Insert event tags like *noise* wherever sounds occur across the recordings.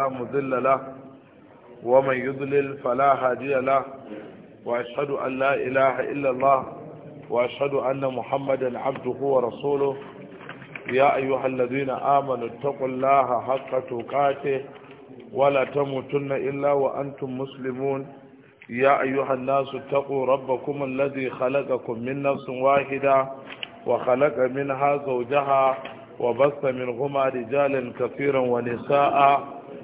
لا مذل له ومن يضلل فلا هادي له وأشهد أن لا إله إلا الله وأشهد أن محمدا عبده ورسوله يا أيها الذين آمنوا اتقوا الله حق تقاته ولا تموتن إلا وأنتم مسلمون يا أيها الناس اتقوا ربكم الذي خلقكم من نفس واحدة وخلق منها زوجها وبث منهما رجالا كثيرا ونساء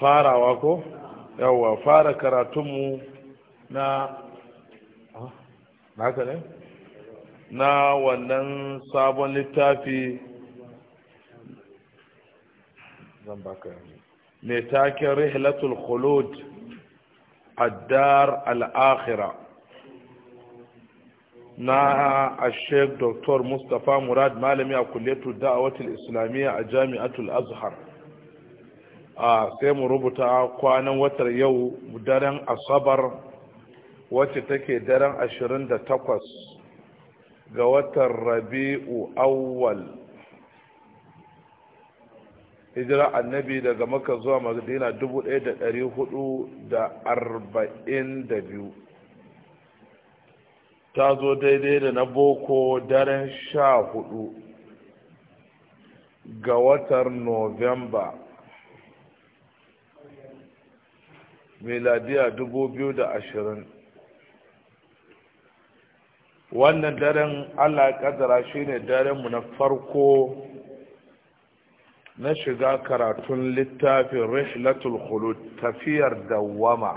farawa ko yawwa fara karatunmu ah, na haka ne na wannan sabon littafi zan baka ne taken rihlatul khulud addar al'akhira na ashek dr mustapha murad malami a kulletu da'awatul islamiyya a jami'atul azhar sai mu rubuta kwanan watar yau daren asabar wacce take daren ashirin 28 ga watan rabi'u awwal hijira annabi daga maka zuwa madina 1442 ta zo daidai da na boko daren sha 14 ga watan novemba meladiya ashirin. wannan daren allah kadara shine mu na farko na shiga karatun littafin rishlatul khulud tafiyar dawama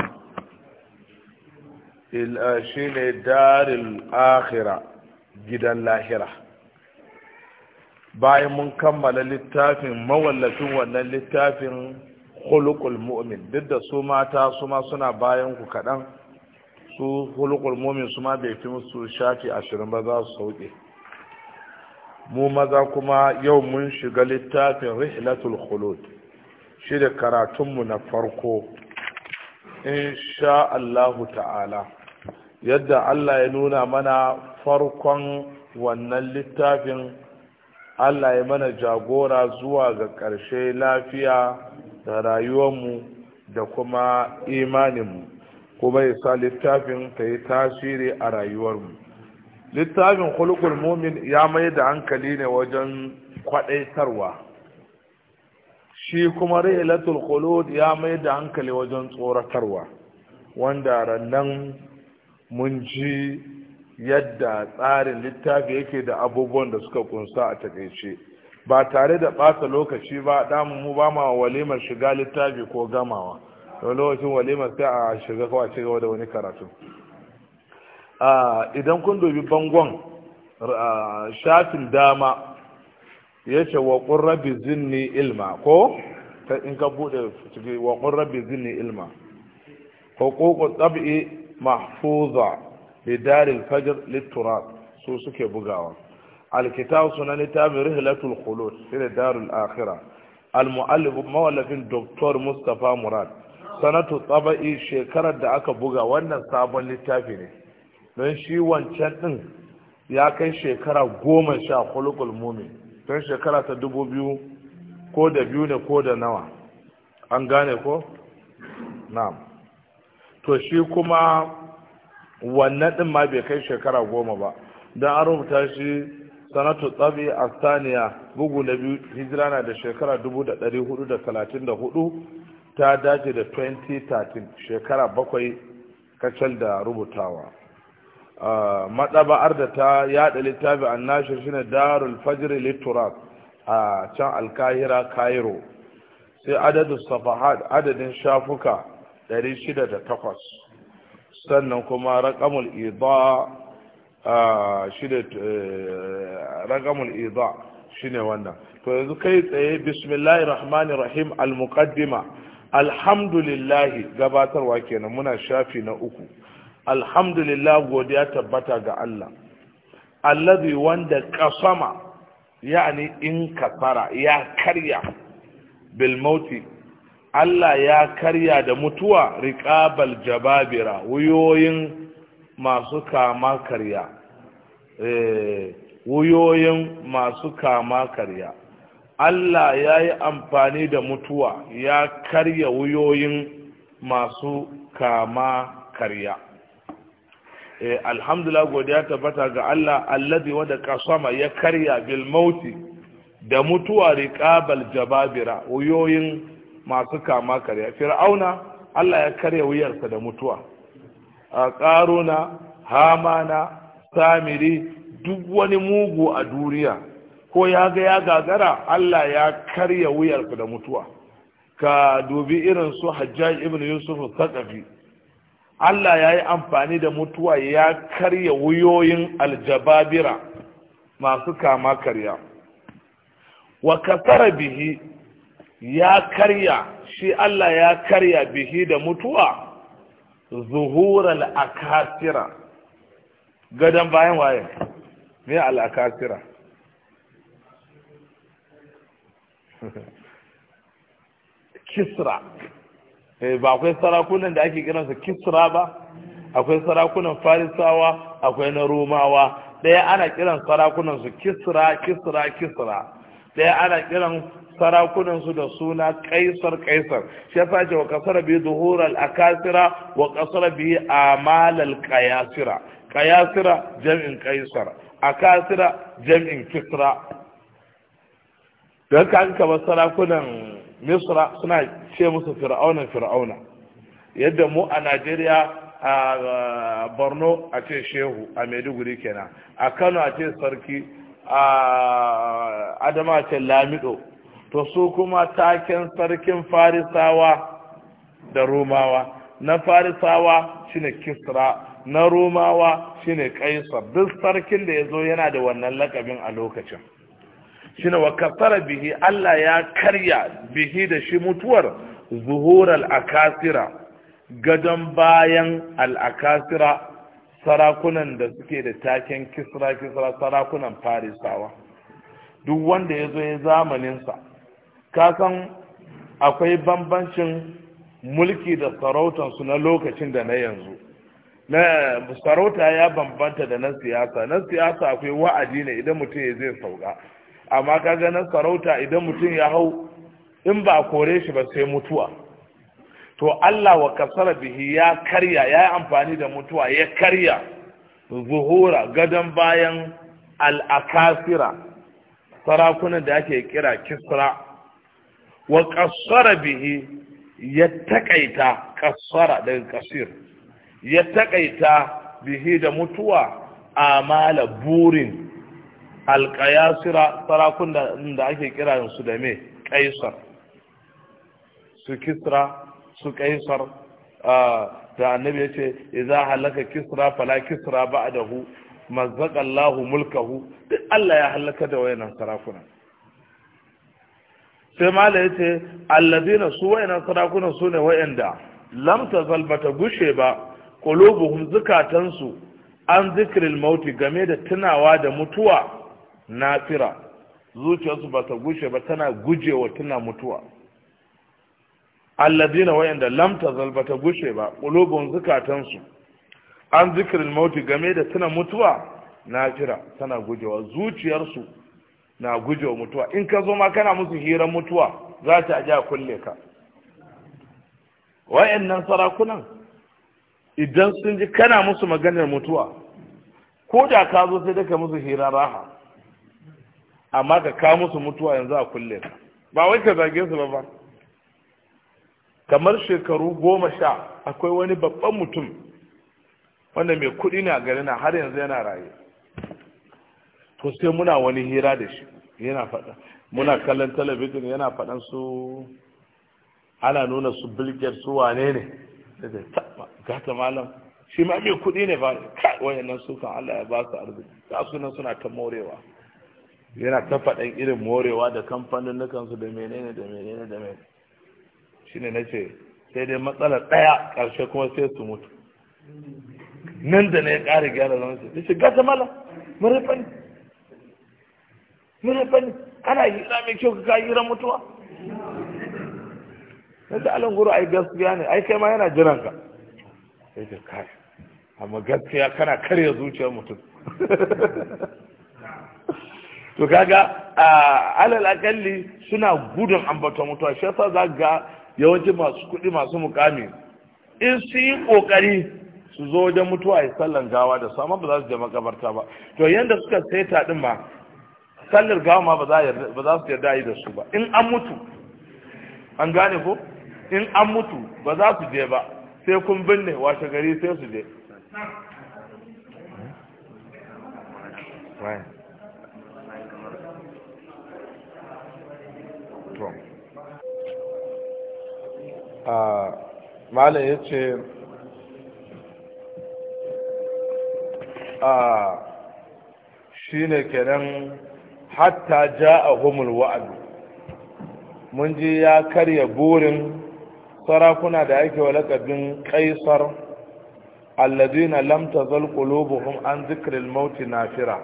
eh, shine darin akhira gidan lahira bayan mun kammala littafin mawallafin wannan littafin hulukul mu'min duk da su mata su ma suna bayan ku kaɗan su khuluqul mu'min su ma bai fi musu shafi ashirin ba za su sauke mu maza kuma yau mun shiga littafin rihlatul khulud shi da karatunmu na farko insha Allahu ta'ala yadda Allah ya nuna mana farkon wannan littafin Allah ya mana jagora zuwa ga ƙarshe lafiya da rayuwar mu da kuma imanin mu, kuma ya sa littafin ta yi tasiri a rayuwarmu littafin hulkul mumin ya mai da hankali ne wajen kwadaitarwa shi kuma rahilatul khulud ya mai da hankali wajen tsoratarwa wanda rannan mun ji yadda tsarin littafi yake da abubuwan da suka kunsa a takaice ba tare da ɓata lokaci ba damu mu ba ma walimar shiga littafi ko gamawa don lokacin walimar sai a shiga kawai ci gaba da wani karatu idan kun dubi bangon shafin dama ya ce wa rabbi zinni ilma ko in ka buɗe ciki wa rabbi zinni ilma hukuku tsab'i mahfuza bidaril fajr litturat su suke bugawa alkitab sunan littafin rihlatul khulud sai da darul akhirah almu'allif mawallafin dr mustapha murad sanatu tsaba'i shekarar da aka buga wannan sabon littafi ne don shi wancan din ya kai shekara goma sha khuluqul mumin don shekara ta dubu biyu ko da biyu ne ko da nawa an gane ko na'am to shi kuma wannan din ma bai kai shekara goma ba don an rubuta shi sanatu tsabi a saniya bugu na biyu hijira na da shekara hudu, ta dace da 2013 shekara bakwai kacal da rubutawa matsaba'ar da ta yada littafi an nashir shine darul fajr littoral a can alkahira cairo sai adadin safahad, adadin shafuka 608 sannan kuma rakamul idha shi da eh, ragamul iza shi ne wannan to yanzu kai tsaye bismillahir rahmanir rahim al alhamdulillahi gabatarwa kenan muna shafi na uku alhamdulillah godiya tabbata ga Allah allazi wanda kasama yani in kasara ya karya bil mauti Allah ya karya da mutuwa riqabal jababira wuyoyin masu kama karya eh, wuyoyin masu kama karya Allah ya yi amfani da mutuwa ya karya wuyoyin masu kama karya eh, alhamdulillah godiya tabbata ga Allah alladhi wada kasama ya karya bilmauti da mutuwa riqabal jababira wuyoyin masu kama karya fir'auna Allah ya karya wuyarsa da mutuwa a ƙaruna hamana samiri duk wani mugu a duniya ko ya ga ya gagara allah ya karya wuyarsa da mutuwa ka dubi irin su hajjaj ibn yusuf sakafi allah ya yi amfani da mutuwa ya karya wuyoyin aljababira masu kama karya wa kasara bihi ya karya shi allah ya karya bihi da mutuwa al akasira gadon bayan waye me al akasira *laughs* kisra eh, ba akwai sarakunan da ake su kisra ba akwai sarakunan farisawa akwai na romawa ɗaya ana kiran sarakunan su kisra kisra kisra ɗaya ana kiran sarakunansu da suna kaisar kaisar shi yasa ce wa kasara bi zuhur akasira wa kasara bi amal al qayasira qayasira jam'in kaisar akasira jam'in kisra dan kan ka sarakunan misra suna ce musu fir'auna fir'auna yadda mu a Najeriya a borno a ce shehu a maiduguri kenan a kano a ce sarki a adama a ce lamido to su kuma taken sarkin farisawa da romawa na farisawa shine kisra na romawa shine kaisar duk sarkin da ya zo yana da wannan lakabin a lokacin shine wa kasara bihi Allah ya karya bihi da shi mutuwar zuhur al-akasira gadon bayan al-akasira sarakunan da suke da taken kisra kisra sarakunan farisawa duk wanda ya zo ya zamaninsa kasan akwai bambancin mulki da sarautansu na lokacin da na yanzu na sarauta ya bambanta da na siyasa na siyasa akwai wa'adi ne idan mutum ya zai sauka amma kaga na sarauta idan mutum ya hau in ba a kore shi ba sai mutuwa to Allah wa kasar bihi ya karya ya yi amfani da mutuwa ya karya zuhura gadon bayan al'akasira sarakunan da ake kira kisra wa qassara bihi ya takaita ƙasara daga kasir ya takaita bihi da mutuwa a amala burin alqayasira sarakun da ake kira su da me kaisar su kisra su kaisar da annabi ya ce a halaka kisra fala kisra ba'dahu mazaƙallahu mulkahu duk Allah ya halaka da wayannan sarakuna sai mala ya ce alladina su wayanan sadakuna su ne wayanda lam tazal bata gushe ba qulubuhum zukatansu an zikril mauti game da tunawa da mutuwa nafira zuciyarsu ba ta gushe ba tana gujewa tuna mutuwa alladina wayanda lam tazal bata gushe ba qulubuhum zukatansu an zikril mauti game da tuna mutuwa nafira tana gujewa zuciyarsu na guje wa mutuwa in ka zo ma kana musu hirar mutuwa za ta ajiya a kulle ka wayannan sarakunan idan sun ji kana musu maganar mutuwa ko da ka zo sai daga musu hirar raha amma ka ka musu mutuwa yanzu a kulle ka ba wai ka zage su ba ba kamar shekaru goma sha akwai wani babban mutum wanda mai kuɗi na a garin har yanzu yana raye ko sai muna wani hira da shi yana faɗa muna kallon talabijin yana faɗan su ana nuna su bilgiyar su wane ne da taɓa gata malam shi ma mai kuɗi ne ba wayannan sukan Allah ya ba su arziki su nan suna ta morewa yana ta faɗan irin morewa da kamfanin nukansu da menene da menene da menene shine na ce sai dai matsala ɗaya ƙarshe kuma sai su mutu nan da na ya ƙara gyara zama sai ce gata malam mun rufe mun fani kana hira mai kyau ka hira mutuwa na da alan guru ai gaskiya ne ai kai ma yana jiran ka sai ka kai amma gaskiya kana karya zuciyar mutum *laughs* to kaga alal akalli suna gudun ambaton mutuwa shi yasa za ga yawanci masu kuɗi masu mukami in su yi ƙoƙari su zo wajen mutuwa ya sallan gawa da su amma ba za su je makabarta ba to yanda suka saita din ma sallar gama ba za su yarda yi da su ba in an mutu an gane ko in an mutu ba za su je ba sai kun binne washe gari sai su je ah, malai ya ce ah, shi ne kenan hatta ja a humul wa'd mun ji ya karya burin sarakuna da ake wa lakabin kaisar alladina lam tazal qulubuhum an dhikril maut nafira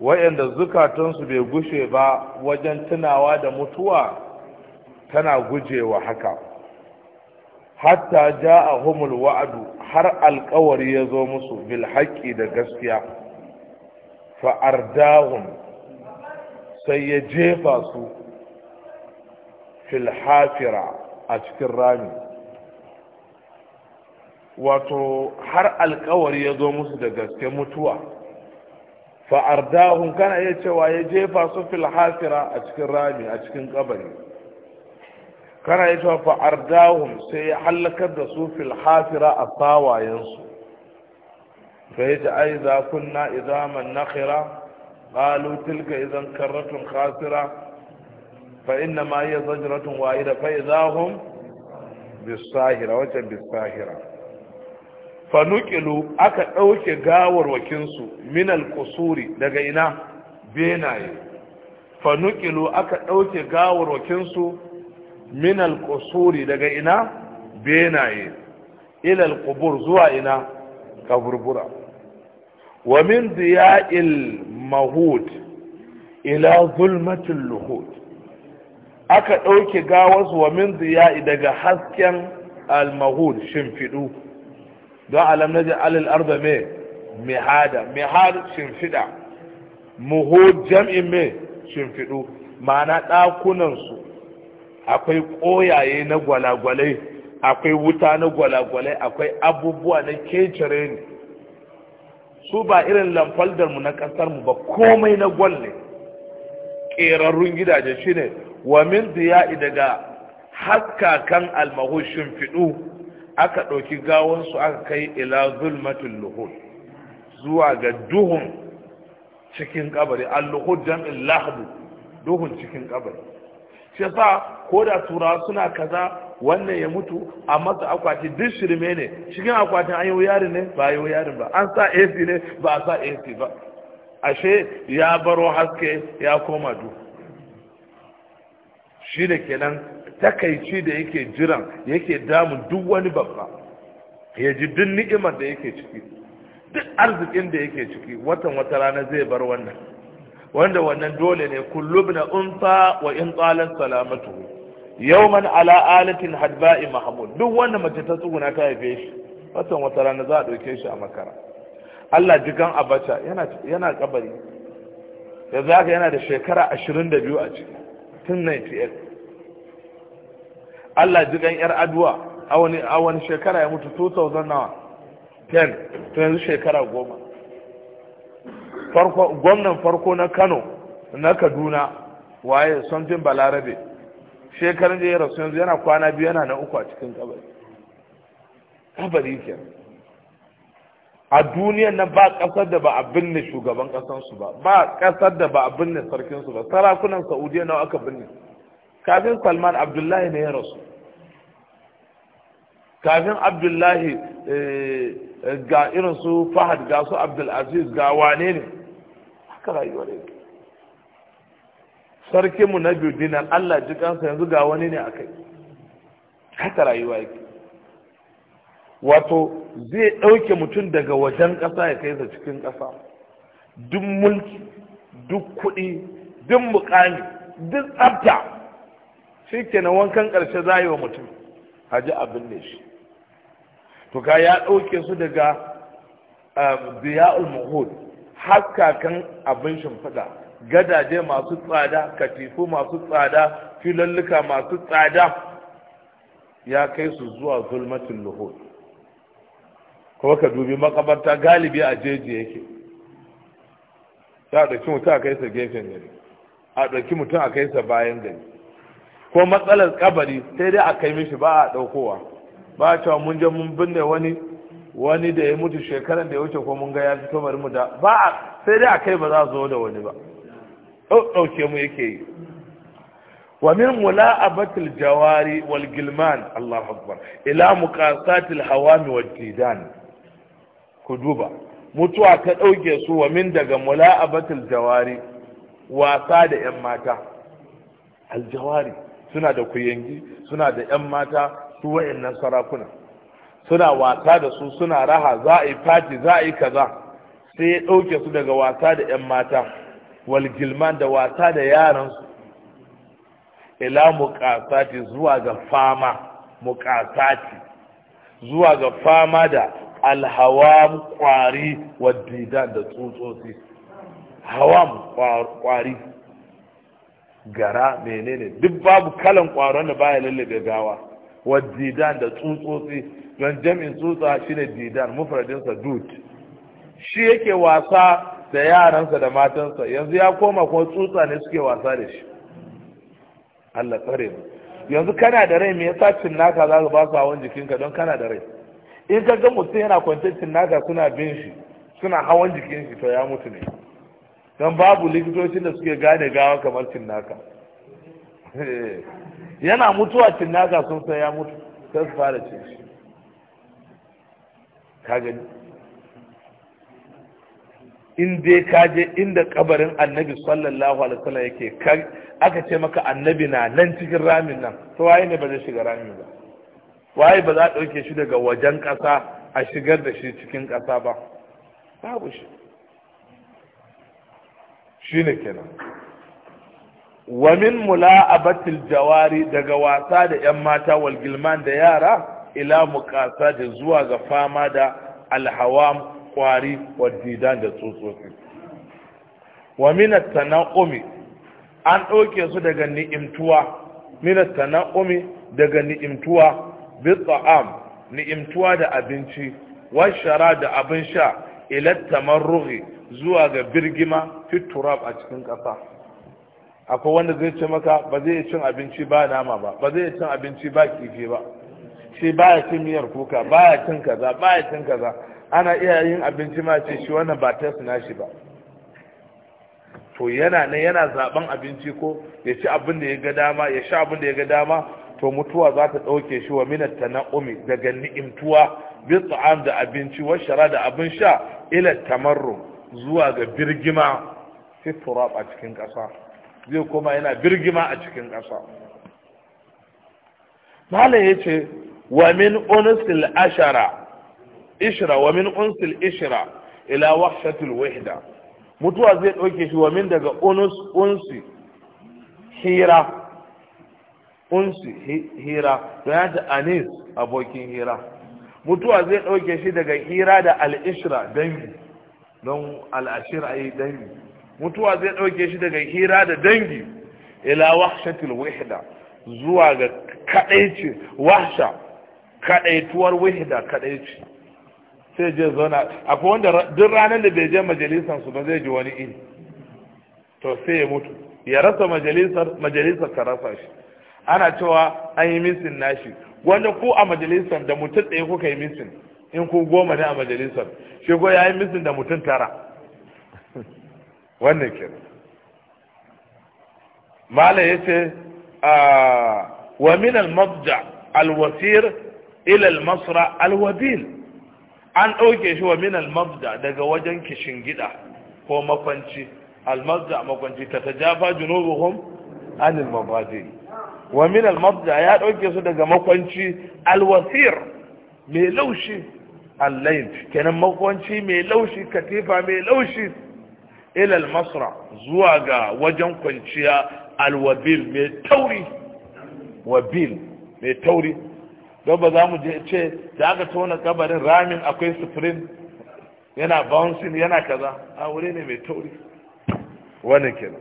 wayanda zukatansu bai gushe ba wajen tunawa da mutuwa tana gujewa haka hatta ja a humul wa'adu, har alƙawari ya zo musu bil haqqi da gaskiya fa sai ya jefa su filhafira a cikin rami wato har alkawari ya zo musu da gaske mutuwa fa'ardahun kana iya cewa ya jefa su filhafira a cikin rami a cikin kabari kana iya cewa fa'ardahun sai ya hallakar da su filhafira a tsawayensu fa yi ta aiza kunna idaman nakhira قالوا تلك إذا كرة خاسرة فإنما هي زجرة واحدة فإذا هم بالساهرة وجه بالساهرة فنقلوا أكا أوكي غاور وكنسو من القصور دقينا بيناي فنقلوا أكا أوكي غاور وكنسو من القصور دقينا بيناي إلى القبور زوائنا كبربرة ومن ضياء mahud ila zulmatul luhud aka ɗauke gawas wa min ziya'i daga hasken al-mahud shimfiɗu don alam naji alil arda me mihada mihad shimfiɗa muhud jam'in me shimfiɗu ma'ana ɗakunansu akwai ƙoyaye na gwalagwalai akwai wuta na gwalagwalai akwai abubuwa na kecere su ba irin lamfaldarmu na ƙasarmu ba komai na gwal ne ƙerarrun gidaje shi ne. wa min ziya'i daga haskakan almahushin fiɗu. aka ɗauki gawansu aka kai ila zulmatul luhud zuwa ga duhun cikin kabari al jam'in lahdu duhun cikin kabari shi yasa ko da turawa suna kaza wannan ya mutu a masa akwati duk shirme ne cikin akwatin an yi yarin ne ba yi yarin ba an sa ac ne ba a sa ac ba ashe ya baro haske ya koma du shi da kenan takaici da yake jiran yake damu duk wani babba ya ji duk ni'imar da yake ciki duk arzikin da yake ciki watan wata rana zai bar wannan wanda wannan dole ne kullum na unsa wa in tsalan salamatu yawman ala alatin hadba'i mahmud duk wanda mace ta tsuguna ta haife shi watan wata rana za a ɗauke shi a makara Allah jikan abacha yana yana kabari yanzu haka yana da shekara 22 a ciki tun 98 Allah jikan yar aduwa a wani a wani shekara ya mutu 2000 nawa 10 to yanzu shekara goma farko gwamnan farko na Kano na Kaduna waye something Balarabe shekaran da ya rasu yanzu yana kwana biyu yana na uku a cikin kabari kabari ke a duniyan nan ba kasar da ba a binne shugaban kasansu ba ba kasar da ba a binne sarkinsu ba sarakunan saudiya nawa aka binne kafin salman abdullahi ne ya rasu kafin abdullahi eh, eh, ga irin su fahad ga su abdulaziz ga wane ne haka rayuwar yake sarkinmu na biyu dinar Allah ji kansa yanzu ga wani ne a kai haka rayuwa yake wato zai ɗauke mutum daga wajen ƙasa ya kai sa cikin ƙasa duk mulki duk kuɗi duk mukami duk tsafta shi kenan wankan ƙarshe za yi wa mutum haji abin ne shi to ka ya ɗauke su daga biya'ul um, muhud haskakan abin shimfiɗa gadaje masu tsada katifu masu tsada filalluka masu tsada ya kai su zuwa zulmatin luhud kuma ka dubi makabarta galibi a jeji yake Sai a ɗauki mutum a kai sa gefen gari a ɗauki mutum a kai sa bayan gari ko matsalar kabari sai dai a kai mishi ba a ɗaukowa ba a cewa mun je mun binne wani wani da ya mutu shekaran da ya wuce ko mun ga ya fito bari mu da ba sai dai a kai ba za a zo da wani ba ɗauke mu yake yi wa min mula'abatil jawari wal gilman Allah akbar ila muqasatil hawami wal didan ku duba mutuwa ta ɗauke su wa min daga mula'abatil jawari wasa da yan mata Al-jawari suna da kuyengi suna da yan mata su wa'annan sarakuna suna wasa da su suna raha za a yi fati za a yi kaza sai ya ɗauke su daga wasa da yan mata Walgilman da wasa da yaransu ila muƙasati zuwa ga fama muƙasati zuwa ga fama da alhawam kwari didan da tsutsotsi hawam kwari gara menene duk babu kalan kwaron da baya ga gawa wadidan da tsutsotsi don jami'in tsutsa shine didan mufradinsa dut shi yake wasa da yaransa da matansa yanzu ya koma kuma tsutsa ne suke wasa da shi Allah tsare mu yanzu kana da rai me yasa cinnaka za su ba su hawan jikinka don kana da rai in ka ga mutum yana kwance cinnaka suna bin shi suna hawan jikin shi to ya mutu ne don babu likitocin da suke gane gawa kamar cinnaka *laughs* yana mutuwa cinnaka sun san ya mutu sai su fara cin shi ka gani in dai ka je inda kabarin annabi sallallahu alaihi wasallam yake aka ce maka annabi na nan cikin ramin nan to waye ne ba zai shiga ramin ba waye ba za a dauke shi daga wajen ƙasa a shigar da shi cikin ƙasa ba babu shi shine kenan wa min mula'abatil jawari daga wasa da yan mata wal gilman da yara ila muqasa da zuwa ga fama da alhawam kwari wa didan da tsotsotsi wa minat tanaqumi an ɗauke su daga ni'imtuwa minat tanaqumi daga ni'imtuwa bi ta'am ni'imtuwa da abinci wa shara da abin sha ila tamarrughi zuwa ga birgima fi turab a cikin ƙasa akwai wanda zai ce maka ba zai yi cin abinci ba nama ba ba zai yi cin abinci ba kifi ba shi baya cin miyar kuka baya cin kaza baya cin kaza ana iya yin abinci ma ce shi wannan ba ta na shi ba to yana ne yana zaben abinci ko ya ci abin da ya ga dama ya sha abin da ya ga dama to mutuwa za ta ɗauke shi wa minat tana'umi daga ni'imtuwa bi da abinci wa shara da abin sha ila tamarru zuwa ga birgima fi turab a cikin ƙasa zai koma yana birgima a cikin ƙasa malam yace wa min unusil ashara ishra wa min unsil ishra ila wahshatil wahda mutuwa zai dauke shi wa min daga unus unsi hira unsi hira to ya ta anis abokin hira mutuwa zai dauke shi daga hira da al-ishra dangi don al-ashir ai dangi mutuwa zai dauke shi daga hira da dangi ila wahshatil wahda zuwa ga kadaici wahsha kadaituwar wahda kadaici sai je zauna akwai wanda duk ranar da bai je majalisar su ba zai ji wani iri to sai ya mutu ya rasa majalisar majalisar ka rasa shi ana cewa an yi misin nashi wanda ko a majalisar da mutum ɗaya kuka yi misin in ku goma ne a majalisar shi ko ya yi misin da mutum tara wannan ke mala ya ce ah, wa min al-mabja al-wasir ila al-masra al-wabil an ɗauke shi wa min almazda daga wajen kishin gida ko makwanci almazda makwanci ta ta jafa junubuhum anil mabadi wa min almazda ya ɗauke su daga makwanci alwasir mai laushi allain kenan makwanci mai laushi katifa mai laushi Ilal masra zuwa ga wajen kwanciya alwabil mai tauri wabil mai tauri don ba za mu je ce da aka tona kabarin ramin akwai sufurin yana bouncing yana kaza a wuri ne mai tauri wannan kenan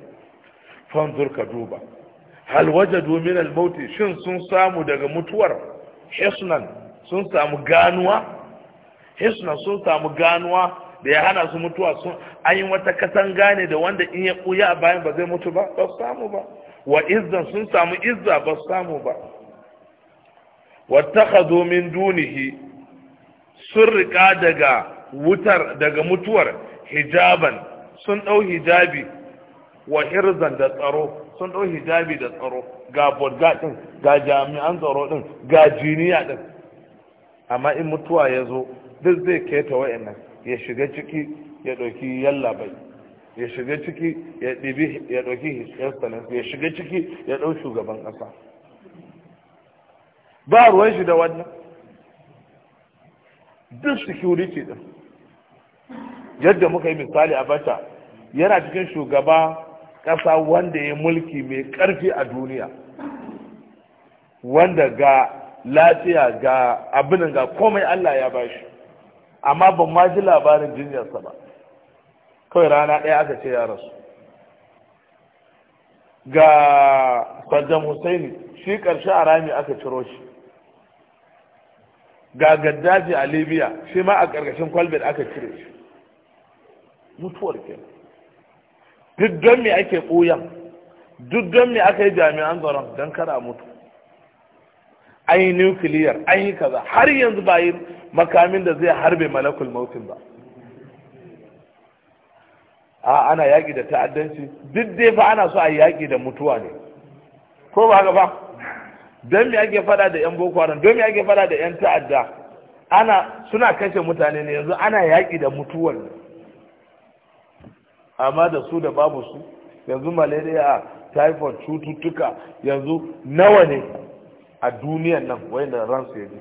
fanzur ka duba hal wajadu min al mauti shin sun samu daga mutuwar hisnan sun samu ganuwa hisnan sun samu ganuwa da ya hana su mutuwa sun an yi wata katanga ne da wanda in ya kuya bayan ba zai mutu ba ba samu ba wa izzan sun samu izza ba su samu ba wattakhadhu min dunihi sun riƙa daga wutar daga mutuwar hijaban sun dau hijabi wa hirzan da tsaro sun dau hijabi da tsaro ga bodga din ga jami'an tsaro din ga jiniya din amma in mutuwa ya zo duk zai keta wa'annan ya shiga ciki ya ɗauki yalla bai ya shiga ciki ya ɗibi ya ya shiga ciki ya ɗau shugaban ƙasa ba ruwan shi da wannan duk security din yadda muka yi misali a bata yana cikin shugaba kasa wanda ya mulki mai ƙarfi a duniya wanda ga lafiya ga abin ga komai Allah ya bashi amma ban ma ji labarin jinyarsa ba kawai rana ɗaya aka ce ya rasu ga Saddam Hussaini shi ƙarshe a rami aka ciro shi ga gaddafi a libya shi ma a ƙarƙashin kwalbet aka cire shi mutuwar ke duk don me ake ɓoyan duk don me aka yi jami'an tsaron don kara mutu an yi nukiliyar an yi kaza har yanzu ba yi makamin da zai harbe malakul mautin ba a ana yaƙi da ta'addanci duk dai fa ana so a yaƙi da mutuwa ne ko ba haka ba don me ake fada da yan boko haram don me ake fada da yan ta'adda ana suna kashe mutane ne yanzu ana yaƙi da mutuwar amma da su da babu su yanzu malaria typhoid cututtuka yanzu nawa ne a duniyan nan wanda ransu ya ji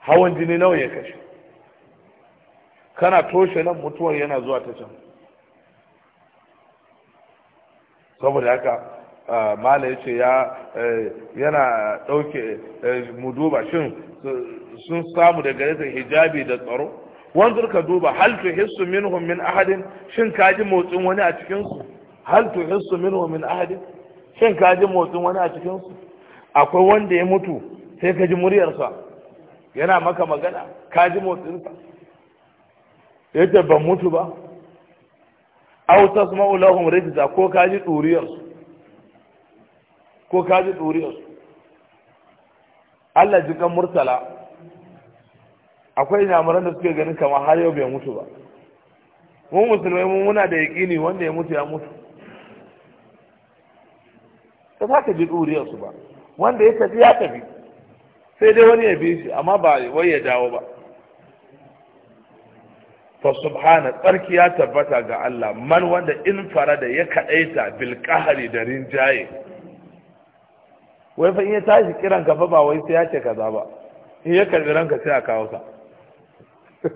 hawan jini nawa ya kashe kana toshe nan mutuwar yana zuwa ta can saboda haka mala ya ce eh, yana ɗauke eh, mu duba shin sun samu daga yadda hijabi da tsaro wanzur ka duba hal tuhissu minhum min ahadin shin ka ji motsin wani a cikinsu hal tuhissu minhum min ahadin shin ka ji motsin wani a cikinsu akwai wanda ya mutu sai ka ji muryarsa yana maka magana ka ji motsinsa yadda ban mutu ba aw tasma'u lahum rijza ko ka ji duriyarsu ko ka ji su. Allah ji kan murtala akwai nyamuran da suke ganin kama har yau bai mutu ba mun musulmai mun muna da yaƙini wanda ya mutu ya mutu ta za ka ji ɗuriyarsu ba wanda ya tafi ya tafi sai dai wani ya bi shi amma ba wai ya dawo ba fa subhana tsarki ya tabbata ga Allah man wanda in fara da ya kaɗaita bil da rinjaye wai fa in ya tashi kiran ka fa ba wai sai ya ce kaza ba in ya karbi ranka sai a kawo sa *laughs*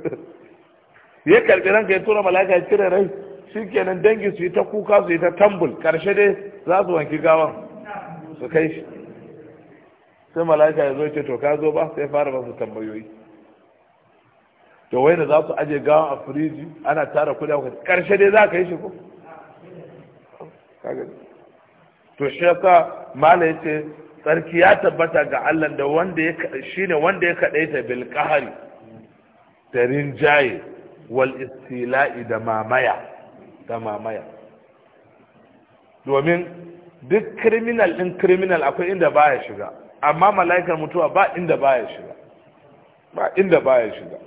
ya karbi ranka ya tura malaka ya cire rai shikenan dangi su yi ta kuka su yi ta tambul karshe dai za su wanki gawan su kai shi sai malaka ya zo ce to ka zo ba sai fara ba su tambayoyi to wai da za su aje gawan a firiji ana tara kudi a karshe dai za ka yi shi ko to shi yasa mala ce sarki ya tabbata ga Allah da wanda ya ne wanda ya kadaita bil qahari da rinjaye wal istila'i da mamaya da mamaya domin duk kriminal din kriminal akwai inda baya shiga amma mala'ikar mutuwa ba inda baya shiga ba inda ya shiga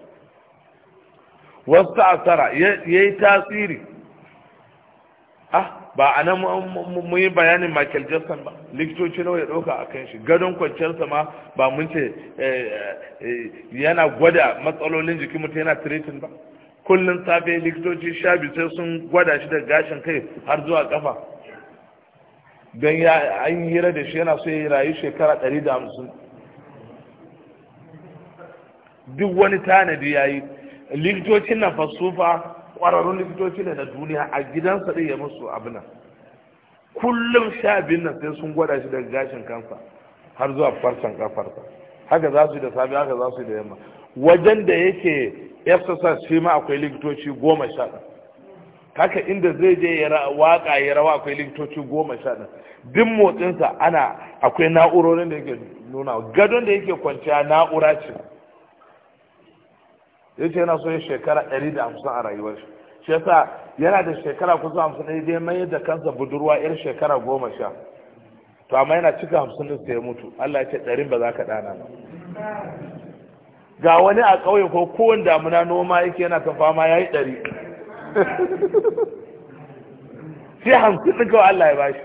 wasu asara yi tasiri ah ba a nan mun bayanin michael jackson ba likitoci nawa ya ɗauka a kan shi gadon kwanciyar sa ma ba mun ce eh, eh, yana gwada matsalolin jikin mutum yana treating ba kullum safe likitoci sha biyu sai sun gwada shi da gashin kai har zuwa kafa don ya an hira da shi yana so ya rayu shekara ɗari da hamsin duk wani tanadi ya yi likitocin na fasufa Kwararrun likitoci ne na duniya a gidansa ɗin ya musu abin nan kullum sha biyun nan sai sun gwada shi daga gashin kansa har zuwa farcen kafarsa haka za su yi da safe haka za su yi da yamma wajen da yake exercise shi ma akwai likitoci goma sha ɗan haka inda zai je ya waka ya rawa akwai likitoci goma sha ɗan duk motsinsa ana akwai na'urorin da yake nuna gadon da yake kwanciya na'ura ce ya ce yana so ya shekara ɗari da hamsin a rayuwar shi shi yasa yana da shekara kusan hamsin ɗaya dai mai da kansa budurwa yar shekara goma sha to amma yana cika hamsin ɗin sai ya mutu Allah ya ce ɗarin ba za ka dana ba ga wani a ƙauye ko kowane damuna noma yake yana ta fama ya yi ɗari *laughs* sai hamsin ɗin kawai Allah ya bashi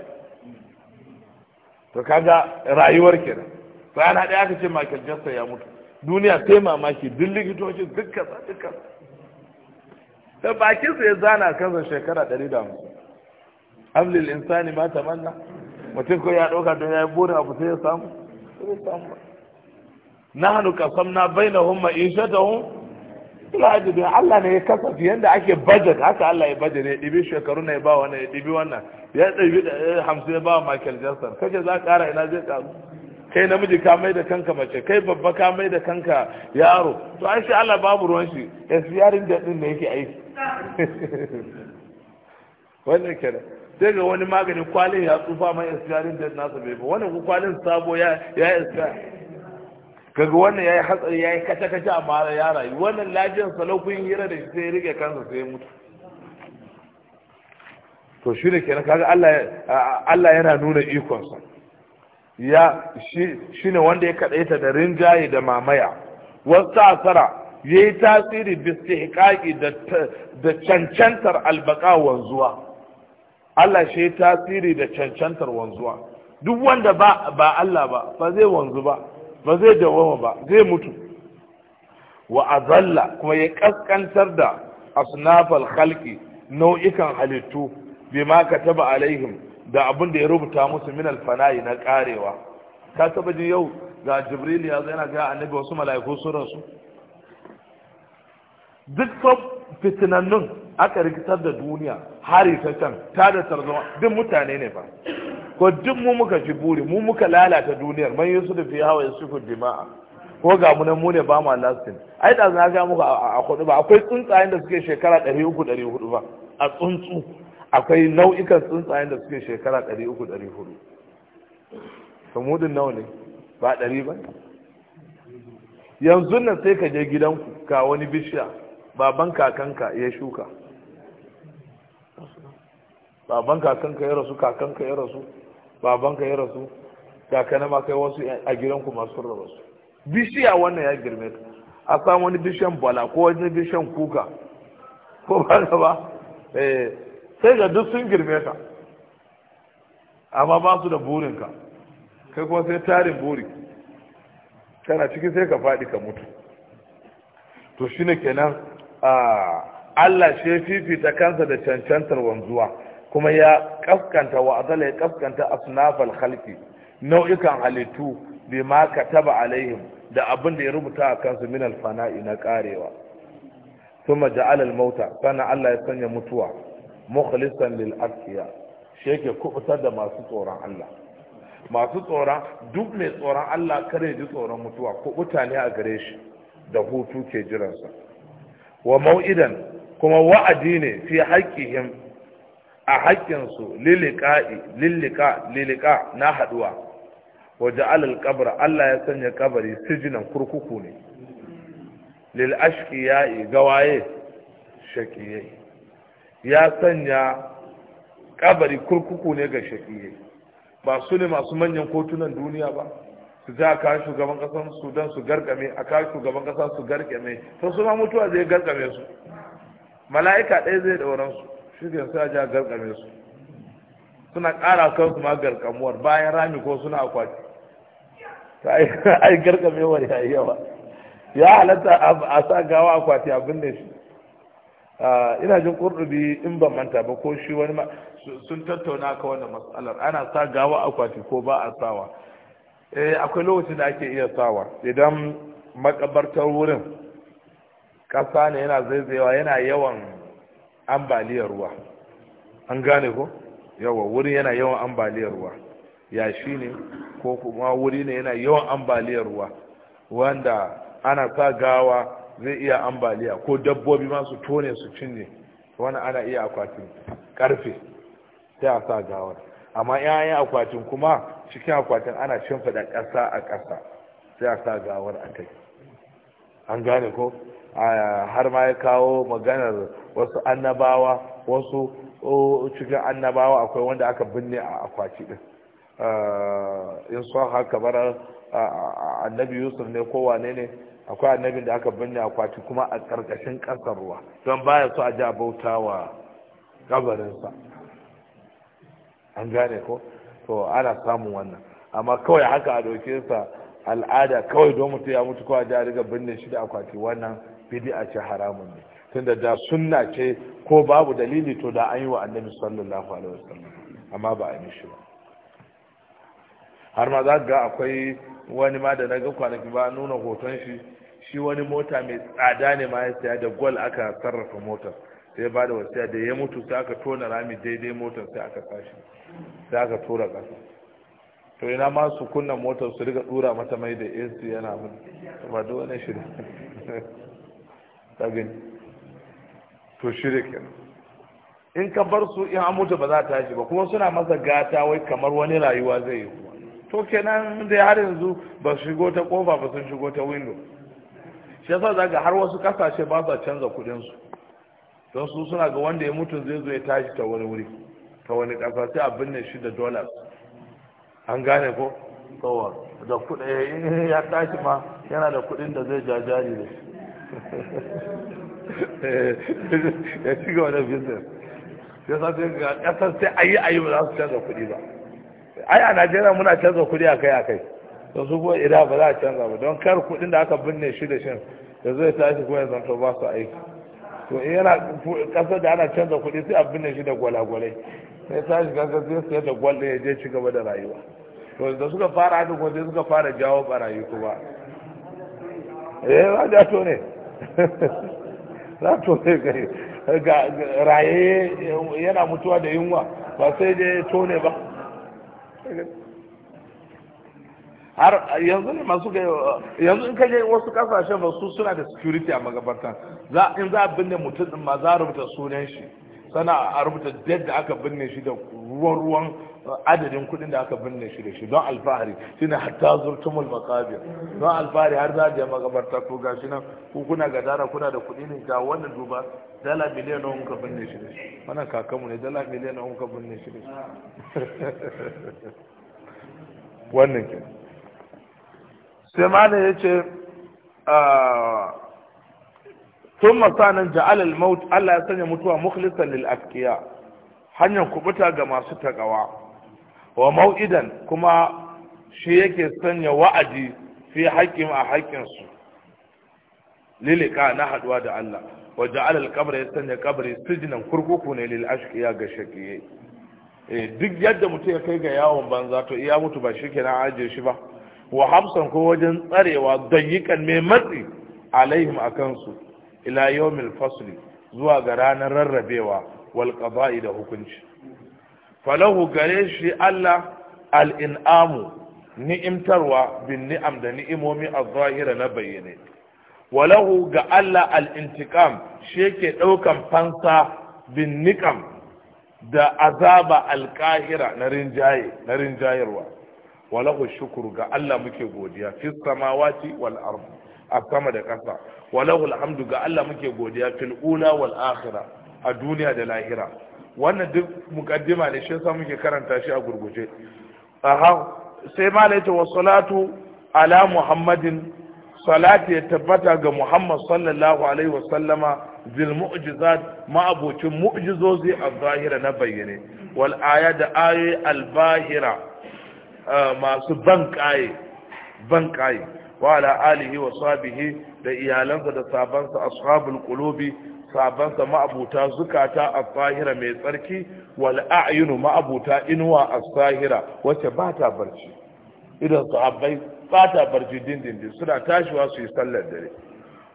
to kaga rayuwar kenan rana haɗe aka ce Michael Jackson ya mutu duniya sai mamaki duk likitocin duk kasa duk kasa da bakinsa ya zana kansa shekara ɗari da hamsin amlil insani ma tamanna mutum ko ya ɗauka don ya yi burin abu sai ya samu sai ya samu ba nahnu qasamna bainahum hun ila ajibin Allah ne ya kasafi yadda ake budget haka Allah ya budget ya ɗibi shekaru na ya ba wani ya ɗibi wannan ya dibi hamsin ya ba Michael Jackson kake za ka ƙara ina zai ƙaru kai namiji ka mai da kanka mace kai babba ka mai da kanka yaro to ai shi Allah babu ruwan shi siyarin da din da yake aiki *laughs* wannan kira sai ga wani maganin kwalin ya tsufa mai siyarin da nasa bai ba wannan kwalin sabo ya ya iska kaga wannan yayi hatsari yayi kata kata amma ya rayu wannan lajin salofin hira da shi sai ya rike kansa sai ya mutu to shi ne kenan kaga Allah Allah yana nuna ikonsa ya shi ne wanda ya kaɗaita da rinjaye da mamaya wasu asara ya yi tasiri bistihikaki da cancantar albaka wanzuwa Allah shi tasiri da cancantar wanzuwa duk wanda ba ba Allah ba ba zai wanzu ba ba zai dawama ba zai mutu wa azalla kuma ya kaskantar da asnafal khalqi nau'ikan halittu bima kataba alaihim da abin da ya rubuta musu min alfanayi na karewa ka taba ji yau ga jibril ya na ga annabi wasu mala'iku suran su duk fa fitinannun aka rikitar da duniya hari ta can ta da tarzoma duk mutane ne fa ko duk mu muka ji buri mu muka lalata duniyar man yusuf da fi hawa yusufu dima'a ko ga mu nan mu ne ba mu lastin ai da za ga muku a kudu ba akwai tsuntsayen da suke shekara 300 400 ba a tsuntsu akwai nau'ikan tsuntsayen da suke shekara 300-400 samudin nawa ne ba 100 ba yanzu nan sai ka je gidanku ka wani bishiya baban kakanka ya shuka baban kakanka ya rasu kakanka ya rasu babanka ya rasu kakana ma kai wasu a gidanku masu rasu bishiya wannan ya girme ta a samu wani bishiyan bala ko wani bishiyan kuka ko ba ba eh. sai ga duk sun girme ka amma ba su da burinka kai kuma sai tarin buri kana ciki sai ka faɗi ka mutu to shi shine kenan Allah shi ya fifita kansa da cancantar wanzuwa kuma ya kaskanta wa azala ya kaskanta asnafal khalqi nau'ikan halittu bi ma kataba alaihim da abin da ya rubuta a kansu min alfana'i na karewa kuma ja'al al-mauta sannan Allah ya sanya mutuwa mukhlisan lil aqiya shi yake kubutar da masu tsoron Allah masu tsoron duk mai tsoron Allah kare ji tsoron mutuwa kubuta ne a gare shi da hutu ke jiransa wa mau'idan kuma wa'adi ne fi haƙƙihim a haƙƙinsu lilika liliƙa na haɗuwa. wa ja'al al-qabr Allah ya sanya kabari sijinan kurkuku ne lil ashqiya gawaye shaqiyai ya sanya kabari kurkuku ne ga shafiye ba su ne masu manyan kotunan duniya ba su za a kawo shugaban su sudan su garkame a kawo shugaban kasar su garkame to su ma mutuwa zai garkame su mala'ika ɗaya zai ɗauran su shi ke sa ja garkame su suna ƙara kan su ma garkamuwar bayan rami ko suna akwati *laughs* ai garkamewar ya yi yawa ya halatta a sa gawa akwati abin da shi ina jin kurdubi in ban manta ba ko shi wani ma sun tattauna ka wannan matsalar ana sa gawa akwati ko ba a sawa eh akwai lokacin da ake iya sawa idan makabartar wurin ƙasa ne yana zaizayewa yana yawan ambaliyar ruwa an gane ko yawa wurin yana yawan ambaliyar ruwa shi ne ko kuma wuri ne yana yawan ambaliyar ruwa wanda ana sa gawa zai iya ambaliya ko dabbobi ma su tone su cinye wani ana iya akwatin karfe sai a sa gawar amma yayin akwatin kuma cikin akwatin ana shimfida ƙasa a ƙasa sai a sa gawar a kai an gane ko har ma ya kawo maganar wasu annabawa wasu cikin annabawa akwai wanda aka binne a akwati din eh, in so haka bara annabi yusuf ne ko ne ne akwai annabin da aka binne akwati kuma a ƙarƙashin ƙasar ruwa don baya su a ji abauta wa kabarinsa an gane ko to ana samun wannan amma kawai haka a ɗauke sa al'ada kawai don mutum ya mutu kawai da riga binne shi da akwati wannan bid'a ce haramun ne tunda da sunna ce ko babu dalili to da an yi wa annabi sallallahu alaihi wasallam amma ba a yi mishi ba har ma za ga akwai wani ma da naga kwanaki ba nuna hoton shi shi wani mota mai tsada ne ma ya saya da gwal aka sarrafa motar sai ba da wasiya da ya mutu sai aka tona rami daidai motar sai aka sashi sai aka tura ƙasa to ina ma su kunna motar su riga dura mata mai da ac yana mun ba da wani shiri ta *laughs* gani to shirya kenan in ka bar su in an mutu ba za ta tashi ba kuma suna masa gata wai kamar wani rayuwa zai yi kuma to kenan da har yanzu ba su shigo ta kofa ba sun shigo ta window shi yasa zaga har wasu kasashe ba sa canza kudin su don su suna ga wanda ya mutu zai zo ya tashi ta wani wuri ta wani kasa sai abin ne shi da dollars an gane ko tsawa da kudi ya tashi ma yana da kudin da zai jajari da shi *laughs* ya shiga wani business ya sai ga kasar sai ayi ayi ba za su canza kudi ba ai a najeriya muna canza kuɗi akai akai to su kuma idan ba za a canza ba don kar kuɗin da aka binne shi da shin da zai tashi kuma ya zanto ba su aiki to yana kasar da ana canza kuɗi sai a binne shi da gwalagwale sai tashi kasar zai sayar da gwal ya je ci gaba da rayuwa to da suka fara haɗin kuma sai suka fara jawo barayi kuma eh ba da to ne *laughs* za to ne ga raye yana mutuwa da yunwa ba sai dai to ba har yanzu ne masu ga yanzu in kaje wasu kasashen ba su suna da security a magabarta in za a binne mutum din ma za a rubuta sunan shi sana a rubuta da aka binne shi da ruwan ruwan adadin kudin da aka binne shi da shi don alfahari shi ne hatta zurtumul maqabir don alfahari har za je makabarta ko shi nan ku kuna gadara kuna da kudi ne ga wannan duba dala miliyan nawa kuka binne shi da shi wannan kakanmu ne dala miliyan nawa kuka binne shi da shi *laughs* wannan ke sai malam yace ثم Maut Allah ya sanya mutuwa متوا مخلصا askiya hanyar kubuta ga masu takawa wa mau'idan kuma shi yake sanya wa'adi fi haƙƙin a haƙƙinsu lilika na haɗuwa da Allah wa ja'ala al-qabr ya sanya qabri sijnan kurkuku ne lil ashqiya ga shaqiye eh duk yadda mutum ya kai ga yawon banza to iya mutu ba shikenan aje shi ba wa hamsan ko wajen tsarewa dayyukan mai matsi alaihim akan su ila yawmil fasli zuwa ga ranar rarrabewa wal qada'i da hukunci falahu gare shi Allah al'in'amu ni'imtarwa bin ni'am da ni'imomi a zahira na bayyane walahu ga Allah al'intikam shi yake ɗaukan fansa bin niƙam da azaba alƙahira na rinjayarwa walahu shukuru ga Allah muke godiya fi samawati wal a sama da ƙasa walahu alhamdu ga Allah muke godiya fil ula wal akhira a duniya da lahira wannan duk mukaddima ne shi yasa muke karanta shi a gurguje aha sai malai ta wa salatu ala muhammadin salati ya tabbata ga muhammad sallallahu alaihi wa sallama zil mu'jizat ma'abocin mu'jizozi a zahira na bayyane wal aya da ayoyi albahira eh, masu ban kaye ban kaye wa ala alihi wa sahbihi da iyalansa da sabansa ashabul qulubi sabansa ma'abuta zukata a tsahira mai tsarki wal a'yunu ma'abuta inuwa a tsahira wacce ba ta barci idan sahabbai ba ta barci dindindin suna tashiwa su yi sallar dare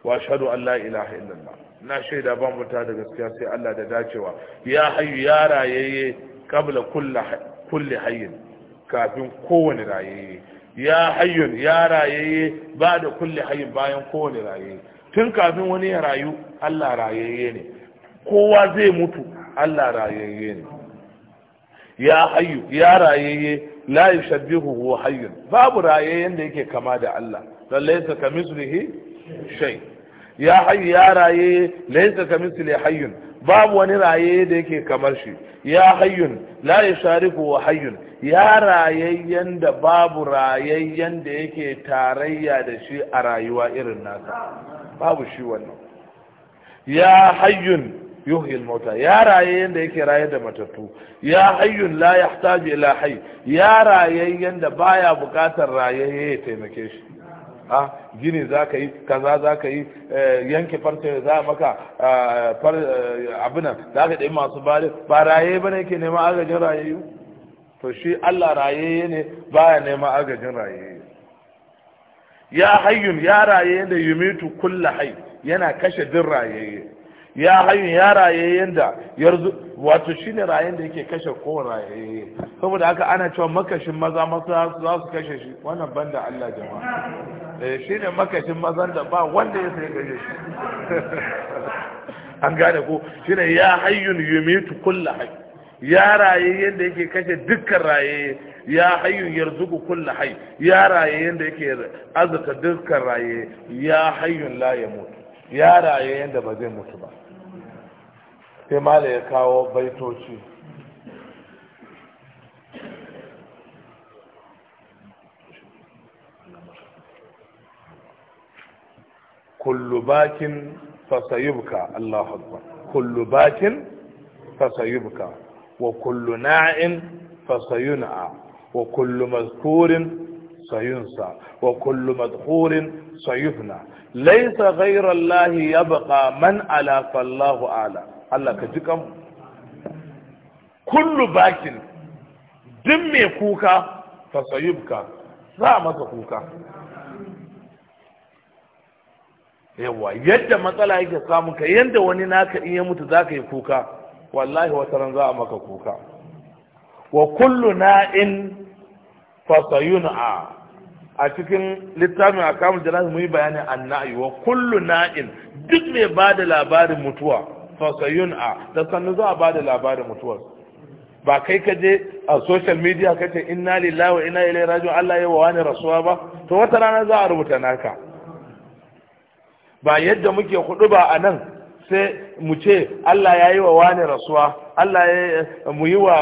wa shahadu Allah ilaha illallah na shaida ban muta da gaskiya sai Allah da dacewa ya hayyu ya rayaye kabla kulli hayyin kafin kowane rayaye ya hayyun ya rayaye ba da kulli hayyin bayan kowane rayaye tun kafin wani ya rayu Allah rayayye ne kowa zai mutu Allah rayayye ne ya hayyu ya rayayye la yushabbihu huwa hayyun babu rayayyen da yake kama da Allah dan kamislihi shay ya hayyu ya rayayye laysa kamislihi hayyun babu wani rayayye da yake kamar shi ya hayyun la yushariku wa hayyun ya rayayyen da babu rayayyen da yake tarayya da shi a rayuwa irin nasa babu shi wannan ya hayyun yuhil mauta ya raye yanda yake raye da matattu ya hayyun la yahtaju ila hayy ya raye yanda baya bukatar raye ya taimake shi a gini za ka yi kaza za ka yi eh, yanke farce za a maka eh, eh, abinan za ka ɗai masu bari ba raye ba ne ke neman agajin raye to shi allah raye ne baya neman agajin raye ya hayyun ya raye da yumitu kulla hayy yana kashe din rayayye ya hayu ya rayayyen da yarzu wato shine rayayyen da yake kashe ko rayayye saboda haka ana cewa makashin maza maza za su kashe shi wannan banda Allah jama'a eh shine makashin mazan da ba wanda ya sai kashe shi *laughs* an gane ko shine ya hayyun yumitu kullu hayy ya rayayyen da yake kashe dukkan rayayye ya hayyun yarzuku kullu hayy ya rayayyen da yake azata dukkan raye ya hayyun la yamut ya rayu yadda ba zai mutu ba sai mala ya kawo baitoci kullu bakin fasayubka Allah akbar kullu bakin fasayubka wa kullu na'in fasayun'a wa kullu mazkurin sayunsa wa kullu madhurin sayuhna laysa ghayra Allah yabqa man ala fallahu ala Allah ka ji kan bakin duk kuka kuka yawa yadda matsala yake samu ka yadda wani naka iya mutu za ka yi kuka wallahi wata ran za a maka kuka wa kullu na'in fasayun'a a cikin littafin a kamun jana'i mu yi bayanin na'i wa kullu na'in duk mai ba da labarin mutuwa fasayun a da sannu za a ba da labarin mutuwar ba kai ka je a social media ka ce inna lillahi wa inna ilaihi raji'un Allah ya wa wani rasuwa ba to wata rana za a rubuta naka ba yadda muke hudu ba a nan sai mu ce Allah ya yi wa wani rasuwa Allah ya mu yi wa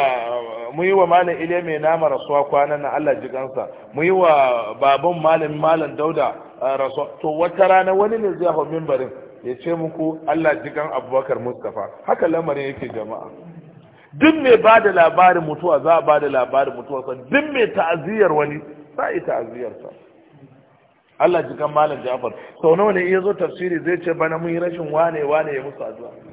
mu yi wa malam ile mai nama rasuwa kwanan na Allah jikansa mu yi wa baban malam malam dauda uh, rasuwa to wata rana wani ne zai hau mimbarin ya ce muku Allah jikan abubakar mustafa haka lamarin yake jama'a duk mai ba da labarin mutuwa za a ba da labarin mutuwa sa duk mai ta'aziyar wani za a yi ta'aziyar sa Allah jikan malam Ja'far sau nawa ne iya zo tafsiri zai ce bana mun yi rashin wane wane ya musu addu'a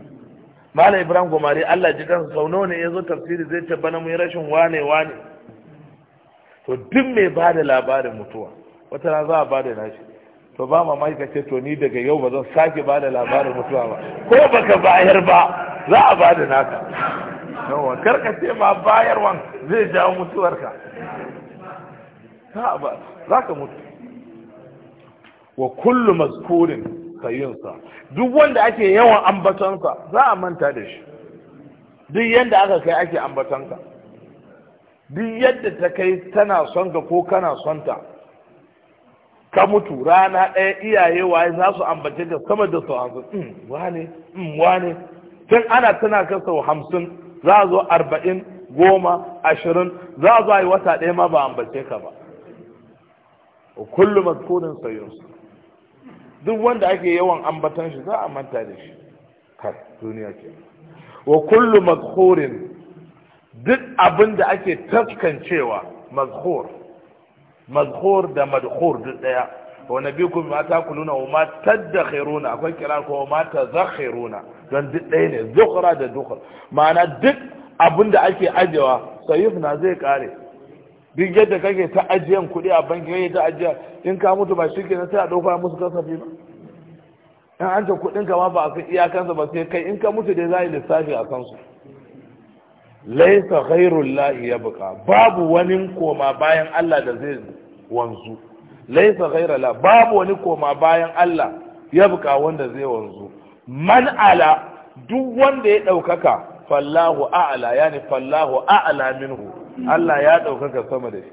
mala ibrahim Gumari allah ji kansa sau nawa ne ya zo tafsiri zai ce bana mun rashin wane wane to duk mai ba da labarin mutuwa wata na za a ba da nashi to ba mamaki ka ce to ni daga yau ba zan sake ba da labarin mutuwa ba ko baka bayar ba za a ba da naka yawa karka ce ma bayarwan zai jawo mutuwarka za ka mutu wa kullu mazkurin yinsa duk wanda ake yawan ambatonsa za a manta da shi duk yadda aka kai ake ambatonka duk yadda ta kai tana son ka ko kana son ta ka mutu rana ɗaya iyaye waye za su ambace ka sama da sau hamsin hmm, wane hmm, wane tun ana tana ka sau hamsin za a zo arba'in goma ashirin za a zo a yi wata ɗaya ma ba ambace ka ba kullum kullu mazkurin sayinsa duk wanda ake yawan ambatan shi za a manta da shi kai duniya ke wa kullu mazhurin duk abin da ake taskancewa mazhur mazhur da madhur duk daya wa nabikum ma takuluna wa ma tadakhiruna akwai kira ko ma tazakhiruna don duk daya ne zukhra da dukhra ma'ana duk abin da ake ajewa na zai kare duk yadda kake ta ajiyan kuɗi a banki kake ta ajiya in ka mutu ba shike na sai a ɗauka musu kasafi ba in an ce kuɗin ka ma ba a kai iyakansa ba sai kai in ka mutu dai za a lissafi a kansu laisa ghairul lahi ya buka babu wani koma bayan Allah da zai wanzu laisa ghairul la babu wani koma bayan Allah ya buka wanda zai wanzu man ala duk wanda ya ɗaukaka fallahu a'ala yani fallahu a'ala minhu Allah ya ɗaukaka sama da shi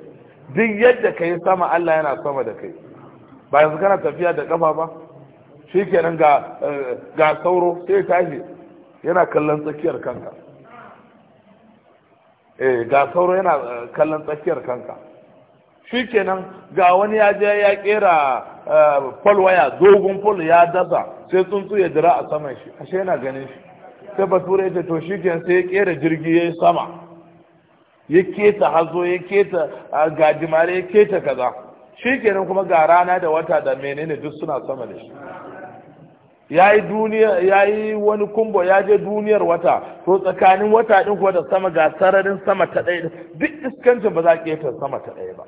duk yadda ka yi sama Allah yana sama da kai ba yanzu kana tafiya da ƙafa ba shi kenan ga eh, ga sauro sai tashi yana kallon tsakiyar kanka eh ga sauro yana eh, kallon tsakiyar kanka shi kenan ga wani ya je ya kera falwaya eh, dogon fol ya dasa sai tsuntsu ya jira a saman shi ashe yana ganin shi sai bature ya ce to shi kenan sai ya kera jirgi ya yi sama ya keta hazo ya keta gajimare ya keta kaza shikenan kuma ga rana da wata da menene duk suna sama da shi ya yi duniya ya wani kumbo ya je duniyar wata to tsakanin wata din kuwa da sama ga sararin sama ta ɗaya duk iskancin ba za ka keta sama ta ɗaya ba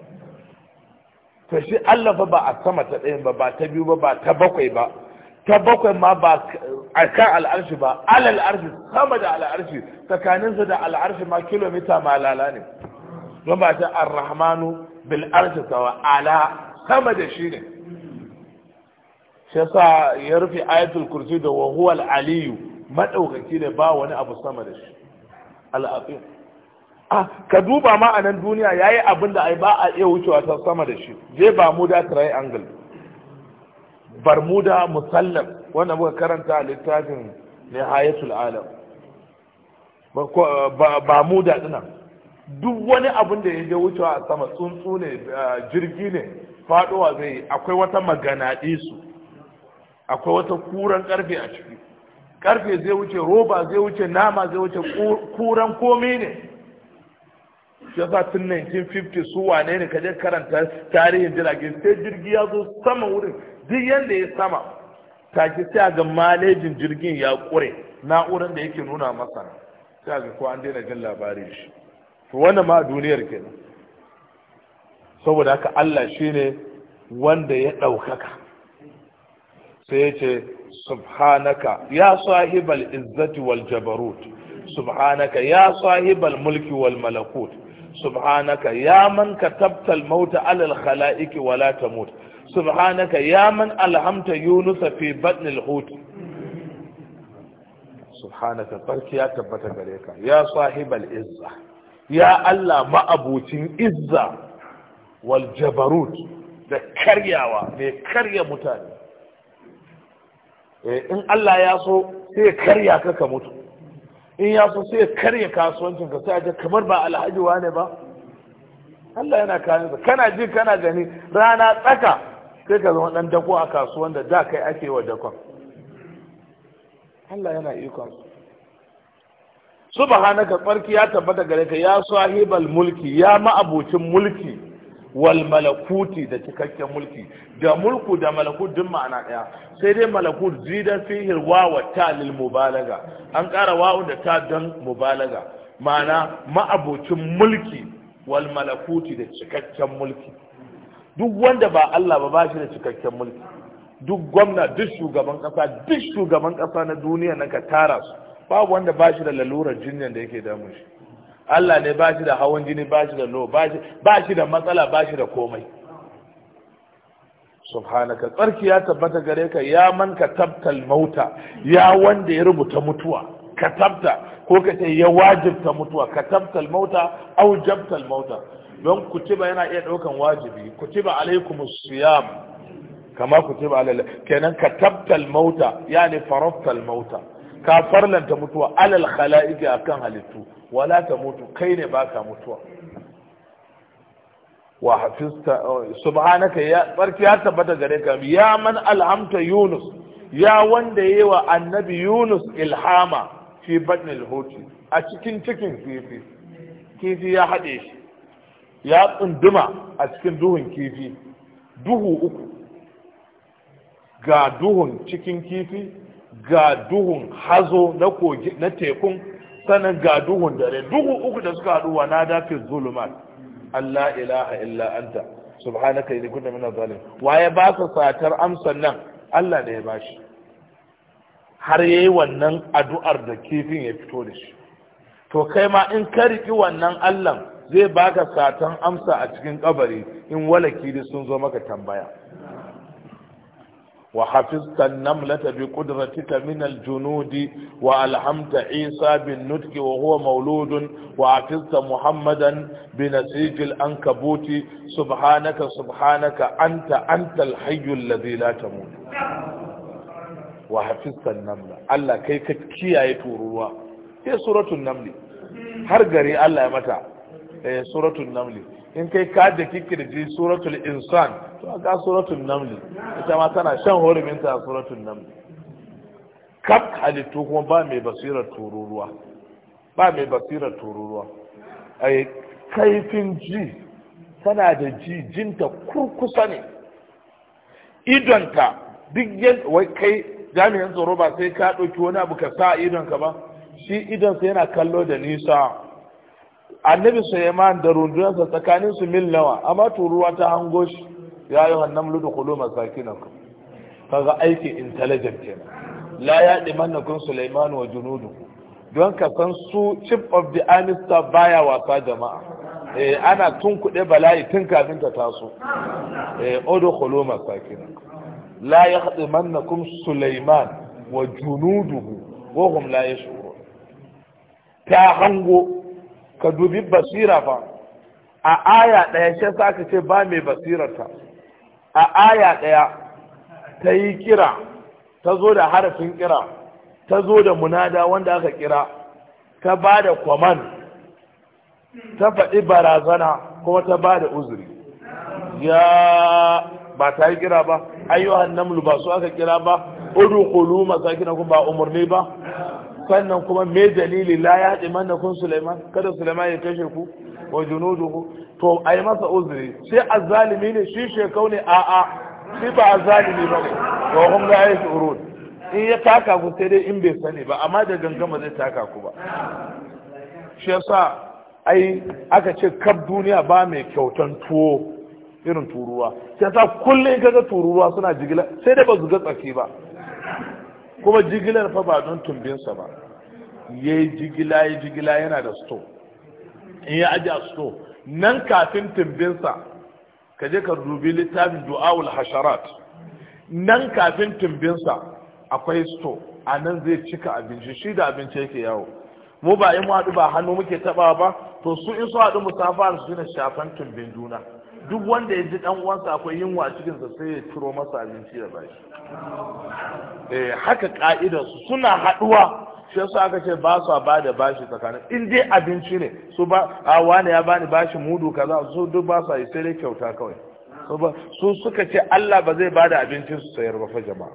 to shi Allah ba a sama ta ɗaya ba ba ta biyu ba ba ta bakwai ba ta bakwai ma ba a kan al'arshi ba alal arshi sama da al'arshi tsakaninsa da al'arshi ma kilomita lala ne don ba ta arrahmanu bil arshi sawa ala sama da shi ne shi yasa ya rufe ayatul kursi da wa huwa aliyu madaukaki ne ba wani abu sama da shi al'afin ah ka duba ma a nan duniya yayi abin da ai ba a iya wucewa ta sama da shi je ba mu da triangle barmuda musallam wanda muka karanta a littafin nihayatul alam ba mu da duk wani abin da ya je wucewa a sama tsuntsu ne jirgi ne faɗowa zai yi akwai wata magana su akwai wata kuran karfe a ciki karfe zai wuce roba zai wuce nama zai wuce kuran komai ne ya yasa tun 1950 su wane ne kaje karanta tarihin jiragen sai jirgi ya zo sama wurin duk yadda ya sama ki sai ga malejin jirgin ya ƙure na'urar da yake nuna masa sai ga ko an daina jin labarin shi to wannan ma duniyar kenan saboda haka Allah shine wanda ya ɗaukaka sai ya ce subhanaka ya sahibal izzati wal jabarut subhanaka ya sahibal mulki wal malakut subhanaka ya man katabtal mauta alal khalaiki wala tamut subhanaka ya man alhamta yunusa fi batnil hut subhanaka farki ya tabbata gare ka ya sahibal izza ya Allah ma'abucin izza wal jabarut da karyawa mai karya mutane in Allah ya so sai karya ka ka mutu in ya so sai karya kasuwancin ka sai a kamar ba alhaji wane ba Allah yana kayan kana ji kana gani rana tsaka sai ka zama ɗan dako a kasuwan da da kai ake wa dakon Allah yana ikon subhanaka tsarki ya tabbata gare ka ya sahibal mulki ya ma'abucin mulki wal malakuti da cikakken mulki da mulku da malakut duk ma'ana ɗaya, sai dai malakut zidan fihir wawa ta lil mubalaga an ƙara wa'u da ta don mubalaga ma'ana ma'abucin mulki wal malakuti da cikakken mulki duk wanda ba Allah ba ba shi da cikakken mulki duk gwamna duk shugaban kasa duk shugaban kasa na duniya na ka tara su babu wanda ba shi da lalurar jinyar da yake damun shi Allah ne ba shi da hawan jini ba shi da lo ba shi da matsala ba shi da komai subhanaka tsarki ya tabbata gare ka ya man ka tabtal mauta ya wanda ya rubuta mutuwa ka tabta ko ka ce ya wajibta mutuwa ka tabtal mauta au jabtal mauta don kutiba yana iya ɗaukan wajibi Kutuba, alaikumus siyam kama kutuba, alal kenan ka tabtal mauta yani faraftal mauta ka farlanta mutuwa alal khala'iqi akan halittu wala ta mutu kai ne baka mutuwa wa hafizta subhanaka ya barki ya tabbata gare ka ya man alhamta yunus ya wanda yayi wa annabi yunus ilhama fi batnil huti a cikin cikin kifi kifi ya haɗe shi ya tsunduma a cikin duhun kifi duhu uku ga duhun cikin kifi ga duhun hazo na kogi na tekun sannan ga duhun dare duhu uku da suka haɗu wa na dafi zulumat Allah ilaha illa anta subhanaka inni kunna minaz zalim waye ba ka satar amsan nan Allah ne ya bashi har yayi wannan addu'ar da kifin ya fito da shi to kai ma in ka riki wannan Allah zai baka satan amsa a cikin kabari in walaki da sun zo maka tambaya wa hafizta namlata bi qudratika min aljunudi wa alhamta isa bin Nutki, wa huwa mauludun wa hafizta muhammadan bi nasij alankabuti subhanaka subhanaka anta antal hayyul ladhi la tamut wa hafizta namla Allah kai ka kiyaye tururuwa sai suratul namli har gari Allah ya mata Eh, suratul namli in kai ka da kikirji suratul insan to ga suratul namli ita ma tana shan horumin ta suratul namli kaf halittu kuma ba mai basirar tururuwa ba mai basirar tururuwa ai kaifin ji tana da ji jinta kurkusa ne ka duk wai kai jami'an tsaro ba sai ka ɗauki wani abu ka sa idonka ba shi idonsa yana kallo da nisa annabi suleiman da rundunarsa tsakanin su mil nawa amma turuwa ta hango shi ya yi wannan ludu kulo ka kaga aiki intelligent kenan la ya kun suleiman wa junudu don ka san su chief of the army staff baya wasa jama'a eh ana tun kuɗe bala'i tun kafin ta taso eh odo kulo masakinakum la ya kun suleiman wa junudu wa hum la yashurun ta hango ka dubi basira fa a aya ɗaya shi sa ka ce ba mai basirarta a aya ɗaya ta yi kira ta zo da harafin kira ta zo da munada wanda aka kira ta ba da kwaman ta faɗi barazana kuma ta ba da uzuri ya ba ta yi kira ba ayyuhan namlu ba su aka kira ba Udu, udkhulu masakinakum ba umarni ba sannan kuma me dalili la ya haɗe manna kun Suleiman kada Sulaiman ya kashe ku wa junuduhu to ai masa uzuri sai azzalimi ne shi shekau ne a a shi ba azzalimi bane wa hum la yashurun in ya taka ku sai dai in bai sani ba amma da gangama zai taka ku ba shi yasa ai aka ce kab duniya ba mai kyautan tuwo irin turuwa sai yasa kullum kaga turuwa suna jigila sai dai ba su ga tsaki ba kuma jigilar fa ba don tumbinsa ba ya yi jigila ya jigila yana da sto in ya aji a sto nan kafin tumbinsa ka je ka dubi littafin du'awul hasharat nan kafin tumbinsa akwai sto a nan zai cika abinci shi da abinci yake yawo mu ba in haɗu ba hannu muke taɓa ba to su in su haɗu musafa su ne shafan tumbin juna duk wanda ya ji dan uwansa akwai yunwa a cikin sa sai ya ciro masa abinci ya bashi eh haka ka'idar su suna haduwa shi yasa aka ce ba su ba da bashi tsakanin in dai abinci ne su ba a ah, wani ya bani bashi mudu kaza su duk ba su yi sai dai kyauta kawai su suka ce Allah ba zai bada abincin su sayar ba fa jama'a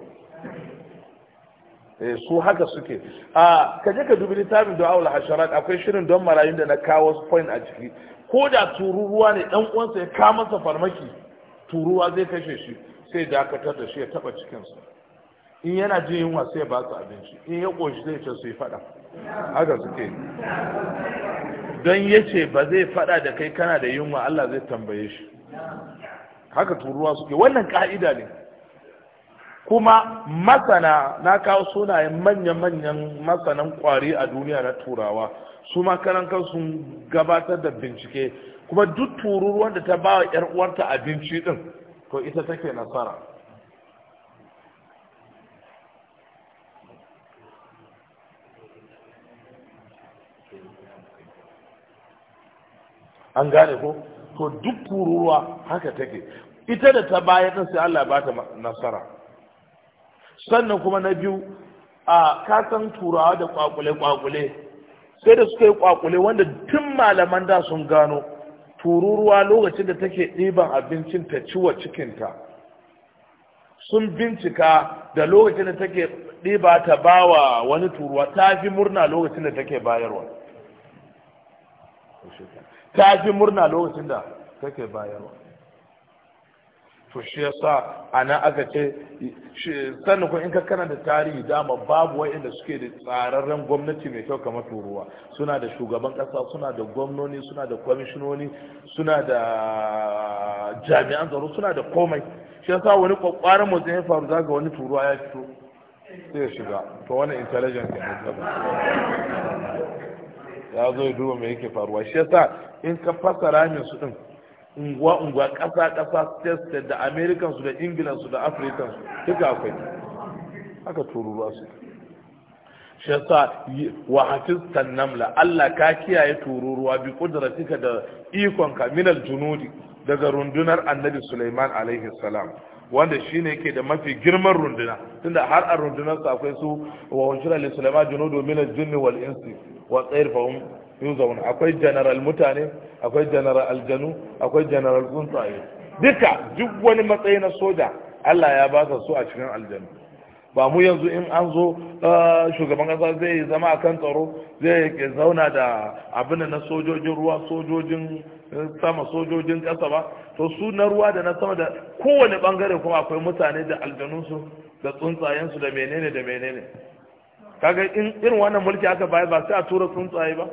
eh, su haka suke a ah, ka je ka dubi littafin da awul hasharat akwai shirin don marayun da na kawo point a ciki ko da tururuwa ne dan uwansa ya kama masa farmaki turuwa zai kashe shi sai dakatar da shi ya taba cikinsa in yana jin yunwa sai ba su abinci in ya koshi zai ce sai fada haka suke don ya ce ba zai faɗa da kai kana da yunwa Allah zai tambaye shi haka turuwa suke wannan ka'ida ne kuma masana na kawo sunayen manya-manyan masanan kwari a duniya na turawa su makarantar sun gabatar da bincike kuma duk tururuwan da ta ba wa ‘yar uwarta abinci din to ita take nasara an gane ko to duk tururuwa haka take ita da ta baya din sai Allah ba ta nasara sannan kuma na biyu a kasan turawa da kwakule-kwakule sai da suka yi kwakule wanda tun malaman da sun gano tururuwa lokacin da take ɗiban abincin ta ciwa cikinta sun bincika da lokacin da take ɗiba ta bawa wani turuwa ta fi murna lokacin da take bayarwa ta fi murna lokacin da take bayarwa to shi yasa ana aka ce sannan kuma in ka kana da tarihi dama babu wa'inda suke da tsararren gwamnati mai kyau kamar turuwa suna da shugaban kasa suna da gwamnoni suna da kwamishinoni suna da jami'an tsaro suna da komai shi yasa wani kwakwaran motsin ya faru zaga wani turuwa ya fito sai ya shiga to wani intelligence ya ya zo ya duba me yake faruwa shi yasa in ka fasa ramin su din unguwa unguwa ƙasa ƙasa state da american su da england su da african su duka akwai haka tururuwa su shi yasa wa hafiz tannamla Allah ka kiyaye tururuwa bi kudratika da ikonka minal junudi daga rundunar annabi Sulaiman alaihi salam wanda shi ne ke da mafi girman runduna tunda har a rundunar sa akwai su wa hunshira li sulaiman junudu min al-jinni wal insi wa tsayr fahum yuzauna akwai general mutane akwai general aljanu akwai general tsuntsaye duka duk wani matsayi na soja Allah ya ba su a cikin aljanu ba mu yanzu in an zo uh, shugaban kasa zai zama kan tsaro zai ke zauna da abin na sojojin ruwa sojojin sama sojojin kasa ba to su na ruwa da na sama da kowane bangare kuma akwai mutane da aljanunsu da tsuntsayensu da menene da menene kaga in irin wannan mulki aka bayar ba sai a tura tsuntsaye ba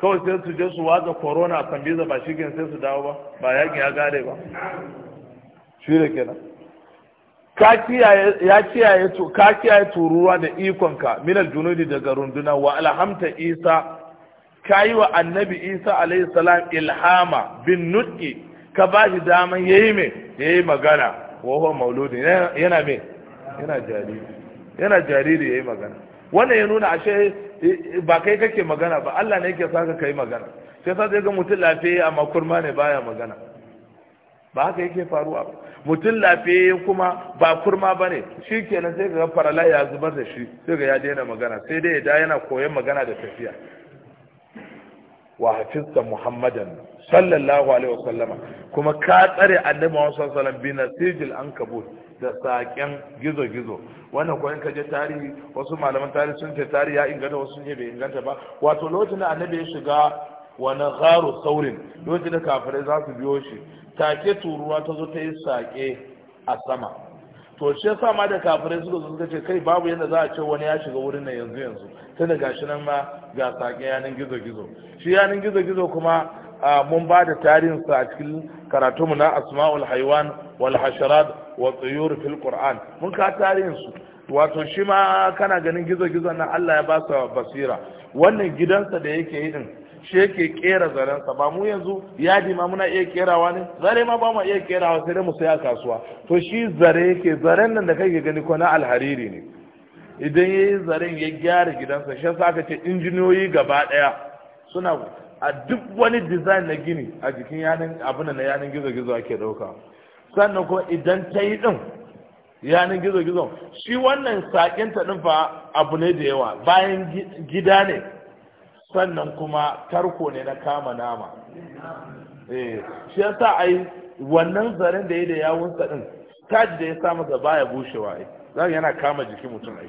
kawai sai su je su watsa corona a kambiza ba shi sai su dawo ba ba yaƙi ya gare ba shi da kenan ya kiyaye ka kiyaye turuwa da ikonka minal junudi daga runduna wa alhamta isa ka yi wa annabi isa alayhi salam ilhama bin nutki ka ba shi daman yayi me yayi magana wa huwa mauludi yana me yana jariri yana jariri yayi magana wannan ya nuna ashe Eh, ba kai kake magana ba Allah ne yake saka kai magana sai sa zai ga mutum lafiye amma kurma ne baya magana ba haka yake faruwa mutum lafiye kuma ba kurma ba ne shi kenan sai ga farala ya zubar da shi sai ga ya daina magana sai dai ya da yana koyon magana da tafiya wa hafizta muhammadan sallallahu alaihi wa sallama, kuma ka tsare annabi muhammad sallallahu alaihi wasallam bi nasijil ankabut da saƙen gizo-gizo wannan kuwa ka kaje tarihi wasu malaman tarihi sun ce tarihi ya inganta wasu ne bai inganta ba wato lokacin da annabi ya shiga wani gharu saurin lokacin da kafirai za su biyo shi take turuwa ta zo ta yi saƙe a sama to shi yasa ma da kafirai suka zo suka ce kai babu yadda za a ce wani ya shiga wurin nan yanzu yanzu tun gashi nan ma ga saƙe yanin gizo-gizo shi yanin gizo-gizo kuma mun ba da tarihinsa a cikin karatunmu na asma'ul haiwan wal hasharat wa tsayur fil qur'an mun ka tarihinsu wato shi ma kana ganin gizo-gizo na Allah ya ba sa basira wannan gidansa da yake yi din shi yake kera zarensa ba mu yanzu yadi ma muna iya kerawa ne zare ma ba mu iya kerawa sai dai mu saya kasuwa to shi zare yake zaren nan da kake gani ko na alhariri ne idan ya yi zaren ya gyara gidansa shi yasa aka ce injiniyoyi gaba ɗaya suna a duk wani design na gini a jikin yanin abin na yanin gizo-gizo ake dauka sannan kuma idan ta yi ɗin yanin gizo-gizo shi wannan ta ɗin fa abu ne da yawa bayan gida ne sannan kuma tarko ne na kama nama eh shi yasa ai wannan zaren da ya da yawunsa din kad da ya sa masa baya bushewa eh za yana kama jikin mutum ai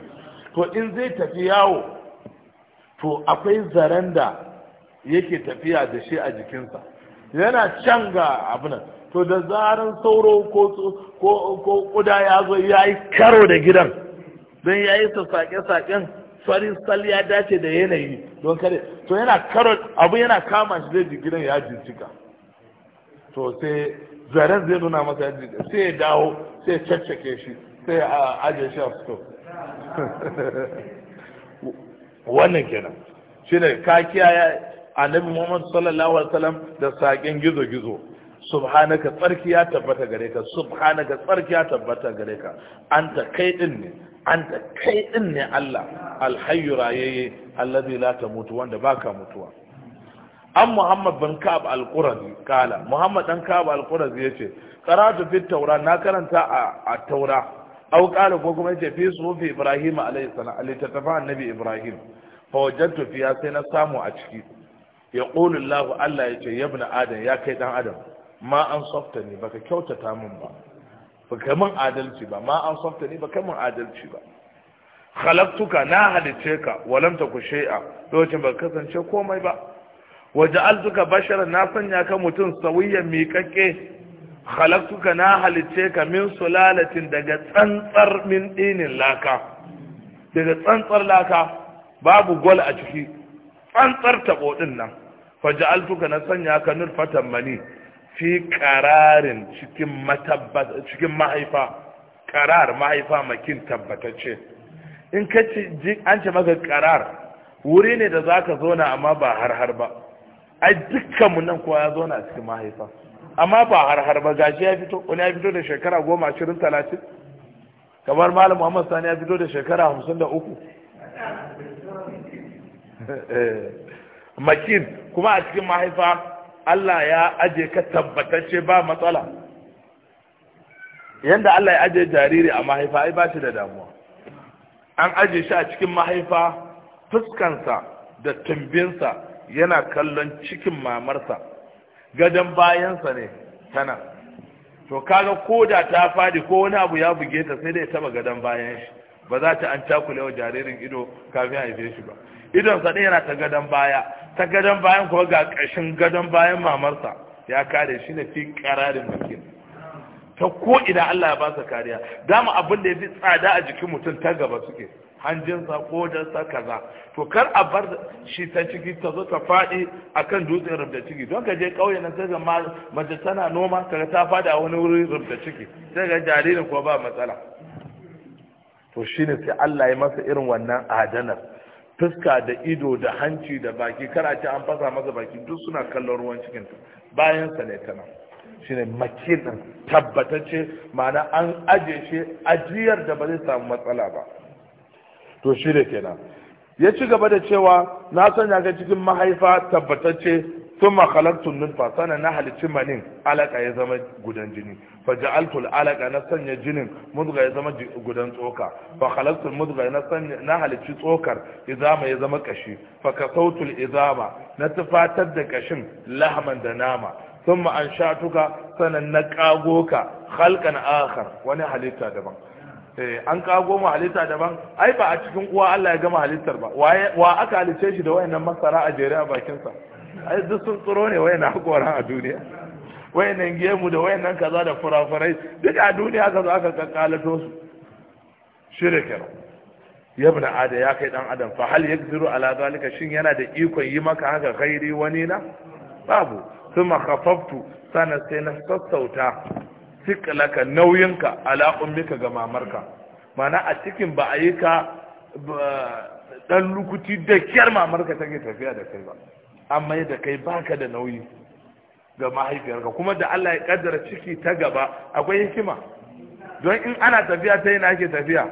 to in zai tafi yawo to akwai zaren da yake tafiya da shi a jikinsa yana can ga abin to da zaran sauro ko kuda ya zo ya yi karo da gidan don ya yi sake saƙen farisal ya dace da yanayi don kare to yana karo abu yana kama shi zai gidan ya jincika to sai zaren zai nuna masa ya sai ya dawo sai ya caccake shi sai a ajiye shi a fito wannan kenan shi ne ka kiyaye annabi muhammad sallallahu alaihi wasallam da saƙin gizo-gizo subhanaka tsarki ya tabbata gare ka subhanaka tsarki ya tabbata gare ka an ta kai din ne an ta kai din ne Allah alhayyu rayayye allazi la tamutu wanda baka mutuwa an muhammad bin ka'ab al-qurazi kala muhammad dan ka'ab al-qurazi yace qara'tu fit tawra na karanta a taura aw qala ko kuma yace fi sufi ibrahim alayhi salam alittafa annabi ibrahim fa wajadtu fiha sai na samu a ciki ya qulu allah allah yace ya ibn adam ya kai dan adam ma an softa ni baka kyautata min ba baka min adalci ba ma an softa ni baka min adalci ba khalaqtuka na halice ka walam taku shay'a lokacin ba kasance komai ba waja'altuka basharan na sanya ka mutum sawiyyan miƙaƙe khalaqtuka na halice ka min sulalatin daga tsantsar min dinin laka daga tsantsar laka babu gwal a ciki tsantsar tabo din nan faja'altuka na sanya ka nurfata mani fi qararin cikin matabbat cikin mahaifa qarar mahaifa makin tabbatacce in ka ce an ce maka qarar wuri ne da zaka zauna amma ba har har ba ai dukkanmu nan kowa ya zauna a cikin mahaifa amma ba har har ba gashi ya fito wani ya fito da shekara goma ashirin talatin kamar malam muhammad sani ya fito da shekara hamsin da uku *laughs* eh, makin kuma a cikin mahaifa allah ya aje ka tabbatacce ba matsala yadda allah ya aje jariri a mahaifa ai ba shi da damuwa an aje shi a cikin mahaifa fuskansa da tumbinsa yana kallon cikin mamarsa gadon bayansa ne tana to kaga ko da ta fadi ko wani abu ya buge ta sai dai taba gadon bayan shi ba za ta an takule wa jaririn ido kafin haife shi ba idon sa yana ta gadon baya ta gadon bayan ko ga ƙashin gadon bayan mamarsa ya kare shi ne fi kararin mutum ta ko ina Allah ya ba sa kariya dama abin da ya fi tsada a jikin mutum ta gaba suke hanjinsa kodarsa kaza to kar a bar shi ta ciki ta zo ta faɗi akan dutsen rubda ciki don ka je ƙauye na sai ga mace tana noma kaga ta faɗi a wani wuri rubda ciki sai ga jaririn kuma ba matsala to shine sai Allah ya masa irin wannan adanar fuska da ido da hanci da baki kar a ce an fasa masa baki duk suna kallon ruwan cikin bayan sa ne tana ne makin tabbatacce ma'ana an aje shi ajiyar da ba zai samu matsala ba to shi da kenan ya ci gaba da cewa na sanya ga cikin mahaifa tabbatacce sun makhalantun numfa sana na halittun manin alaka ya zama gudan jini fa ja'altul alaka na sanya jinin mudga ya zama gudan tsoka fa mudga na sanya na halicci tsokar izama ya zama kashi fa kasautul izama na tufatar da kashin lahman da nama sun thumma anshatuka sanan na ƙagoka halkan akar wani halitta daban Eh, an kago mu halitta daban ai ba a cikin uwa Allah ya gama halittar ba wa aka halice shi da wayannan masara a jere a bakin sa ai duk sun tsoro ne wayannan hakoran a duniya wayannan gemu da wayannan kaza da furafurai duk a duniya ka zo aka kakkalato su kira ya bin ada ya kai dan adam fa hal yakdiru ala zalika shin yana da ikon yi maka haka khairi wani na babu thumma khafaftu sana sai na sassauta sikalaka nauyinka ala ummika ga mamarka mana a cikin ba a yi ka dan lukuti da kyar mamarka take tafiya da kai ba amma da kai baka da nauyi ga mahaifiyarka kuma da Allah ya kaddara ciki ta gaba akwai hikima don in ana tafiya ta yana ake tafiya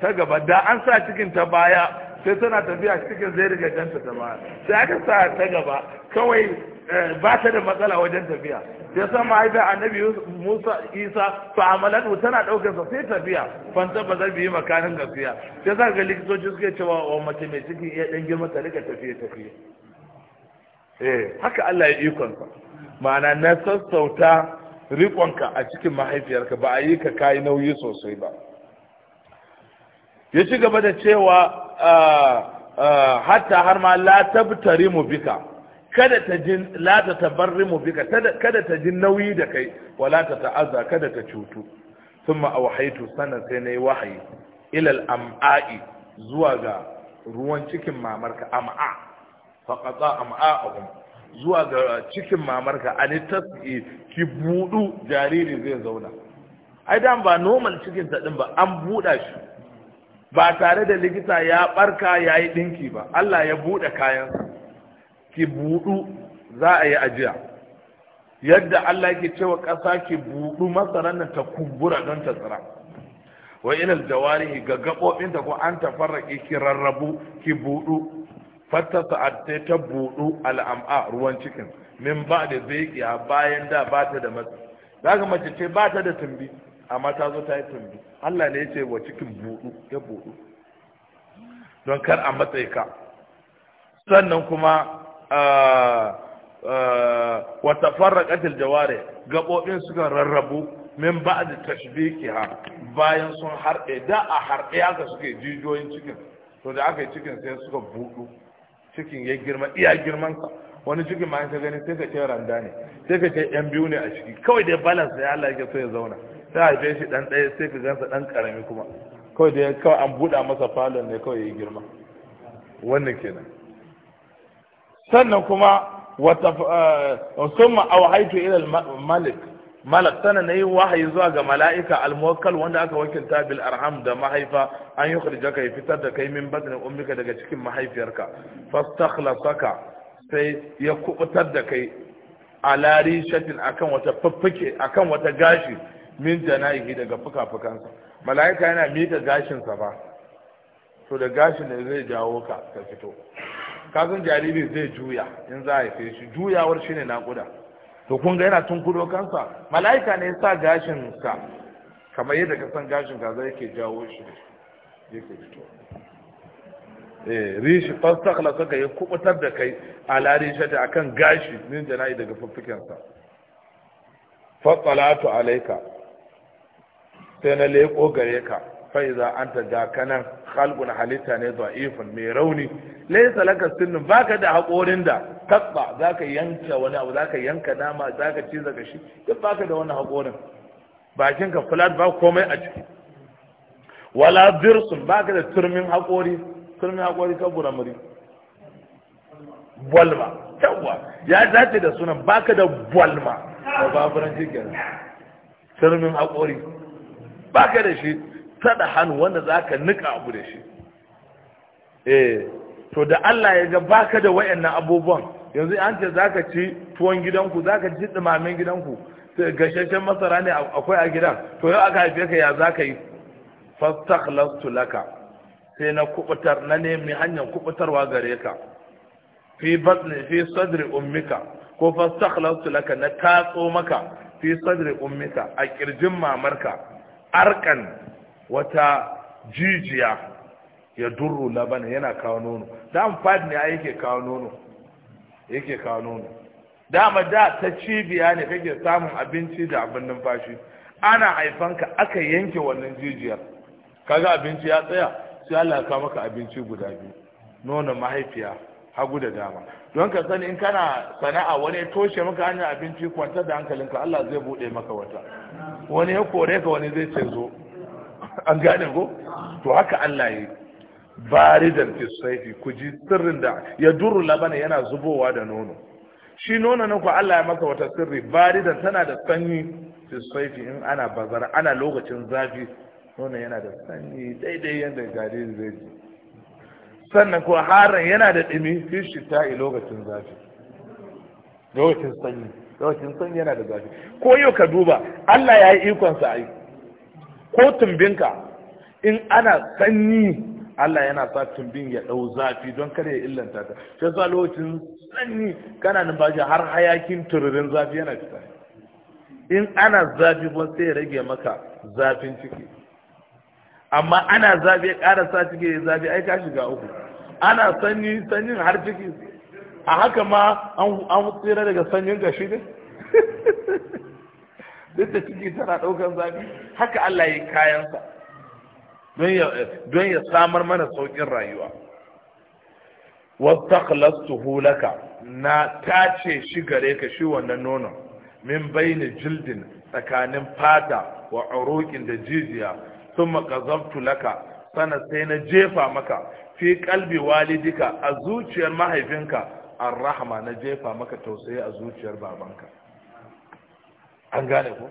ta gaba da an sa cikin ta baya sai tana tafiya cikin zai riga ta baya sai aka sa ta gaba kawai eh, ba ta da matsala wajen tafiya ya san mahaifin annabi musa isa fa amalan tana daukar sa sai tafiya fanta ba zai biyi makanin gaskiya sai za ga likitoci suke cewa wa mace mai ciki iya dan girma ta rika tafiye tafiye eh haka Allah ya ikon ka ma'ana na sassauta rikonka a cikin mahaifiyarka ba a yi ka kai nauyi sosai ba ya ci gaba da cewa ah, ah, hatta har ma la tabtari mu bika kada ta jin la ta tabarrimu bika kada ta jin nauyi da kai wala ta ta'azza kada ta cutu thumma Wahaitu sanan sai nayi wahayi ila al-am'a'i zuwa ga ruwan cikin mamarka am'a faqata am'a'ahum zuwa ga cikin mamarka an tasbi ki budu jariri zai zauna ai dan ba normal cikin ta din ba an buda shi ba tare da likita ya barka yayi dinki ba Allah ya buɗe kayansa ki budu za a yi ajiya yadda Allah yake cewa ƙasa ki budu masaran nan ta kumbura don ta tsira wa ilal jawarihi ga gabobin ta ko an ta tafarraki ki rarrabu ki budu fatta sa'ad ta budu al'am'a ruwan cikin min ba da zai bayan da ba ta da matsi za ka mace ce ba ta da tumbi amma ta zo ta yi tumbi allah ne ya ce wa cikin buɗu ya buɗu don kar a matsayi ka sannan kuma wa tafarraqat al-jawari gabobin suka rarrabu min ba'd tashbikiha bayan sun harɗe da a harɗe haka suke jijiyoyin cikin to da aka yi cikin sai suka budu cikin ya girma iya girman ka wani cikin ma ka gani sai ka ce randa ne sai ka ce yan biyu ne a ciki kawai dai balance ya Allah yake so ya zauna sai a shi dan ɗaya sai ka gansa dan karami kuma kawai dai kawai an buɗa masa falon ne kawai ya girma wannan kenan sannan kuma wata eh, summa awhaytu ila malik malak sana nayi wahayi zuwa ga mala'ika al wanda aka wakilta bil arham da mahaifa an yukhrija ka fitar da kai min batnin ummika daga cikin mahaifiyarka fastakhlasaka sai ya kubutar da kai lari shafin akan wata fuffuke akan wata gashi min janayi daga fuka-fukansa mala'ika yana mika gashin sa ba to da gashin ne zai jawo ka ka fito kazan jariri zai juya in za a haife shi juyawar shine naƙuda to kun ga yana tunkudo kansa mala'ika ne sa gashin sa kamar yadda ka san gashin zai yake jawo shi yake fito eh rishi fastakla saka ya kubutar da kai a shi ta akan gashi min jana'i daga fuffuken sa fa salatu alayka sai na leko gare ka faiza anta ga kanan khalqun halitta ne da'ifun mai rauni laysa laka sinnun baka da haƙorin da tabba zaka yanka wani abu zaka yanka nama zaka ci zaka shi duk baka da wani haƙorin bakin ka flat ba komai a ciki wala dirsun baka da turmin haƙori turmin haƙori ka muri bolma tawwa ya dace da sunan baka da bolma da baburan jikin turmin haƙori baka da shi tsada hannu wanda za ka nika abu da shi eh to da Allah ya ga baka da wayannan abubuwan yanzu an ce za ka ci tuwon gidanku za ka ci dumamen gidanku gashashen masara ne akwai a gidan to yau aka haife ka ya za ka yi fastakhlastu laka sai na kubutar na nemi hanyar kubutarwa gare ka fi batni fi sadri ummika ko fastakhlastu laka na tatso maka fi sadri ummika a kirjin mamarka arkan wata jijiya ya durru labana yana kawo nono dam fad ne ai yake kawo nono yake kawo nono dama da ta cibiya ne kake samun abinci da abin numfashi ana haifanka aka yanke wannan jijiyar kaga abinci ya tsaya sai Allah ya kawo maka abinci guda biyu nono mahaifiya hagu da dama don ka sani in kana sana'a wani toshe maka hanyar abinci kwantar da hankalinka Allah zai bude maka wata wani ya kore ka wani zai ce zo *laughs* an gane ko to haka Allah yi baridan fi saifi ku ji sirrin da ya duru labana yana zubowa da nono shi nono nan ku Allah ya maka wata sirri baridan tana da sanyi fi saifi in ana bazara ana lokacin zafi nono yana da sanyi daidai yadda jariri zai ji sannan ko haran yana da dumi fi yi lokacin zafi lokacin sanyi lokacin sanyi yana da zafi ko yau ka duba Allah ya yi ikonsa a ko tumbinka in ana sanyi Allah yana sa tumbin ya ɗau zafi don kada ya illanta ta sai sa lokacin sanyi kana numfashi har hayakin tururin zafi yana fita in ana zafi ba sai ya rage maka zafin ciki amma ana zafi ya ƙara sa ciki ya zafi ai ka shiga uku ana sanyi sanyin har ciki a haka ma an tsira daga sanyin gashi ne *laughs* duk da ciki tana ɗaukan zafi haka Allah ya yi kayansa don ya samar mana saukin rayuwa kalastu hulaka, na tace shi gare ka shi wannan nonon min bayni jildin tsakanin fata wa aurokin da jijiya thumma qazabtu laka sana sai na jefa maka fi kalbi walidika a zuciyar mahaifinka arrahma na jefa maka tausayi a zuciyar babanka an gane ku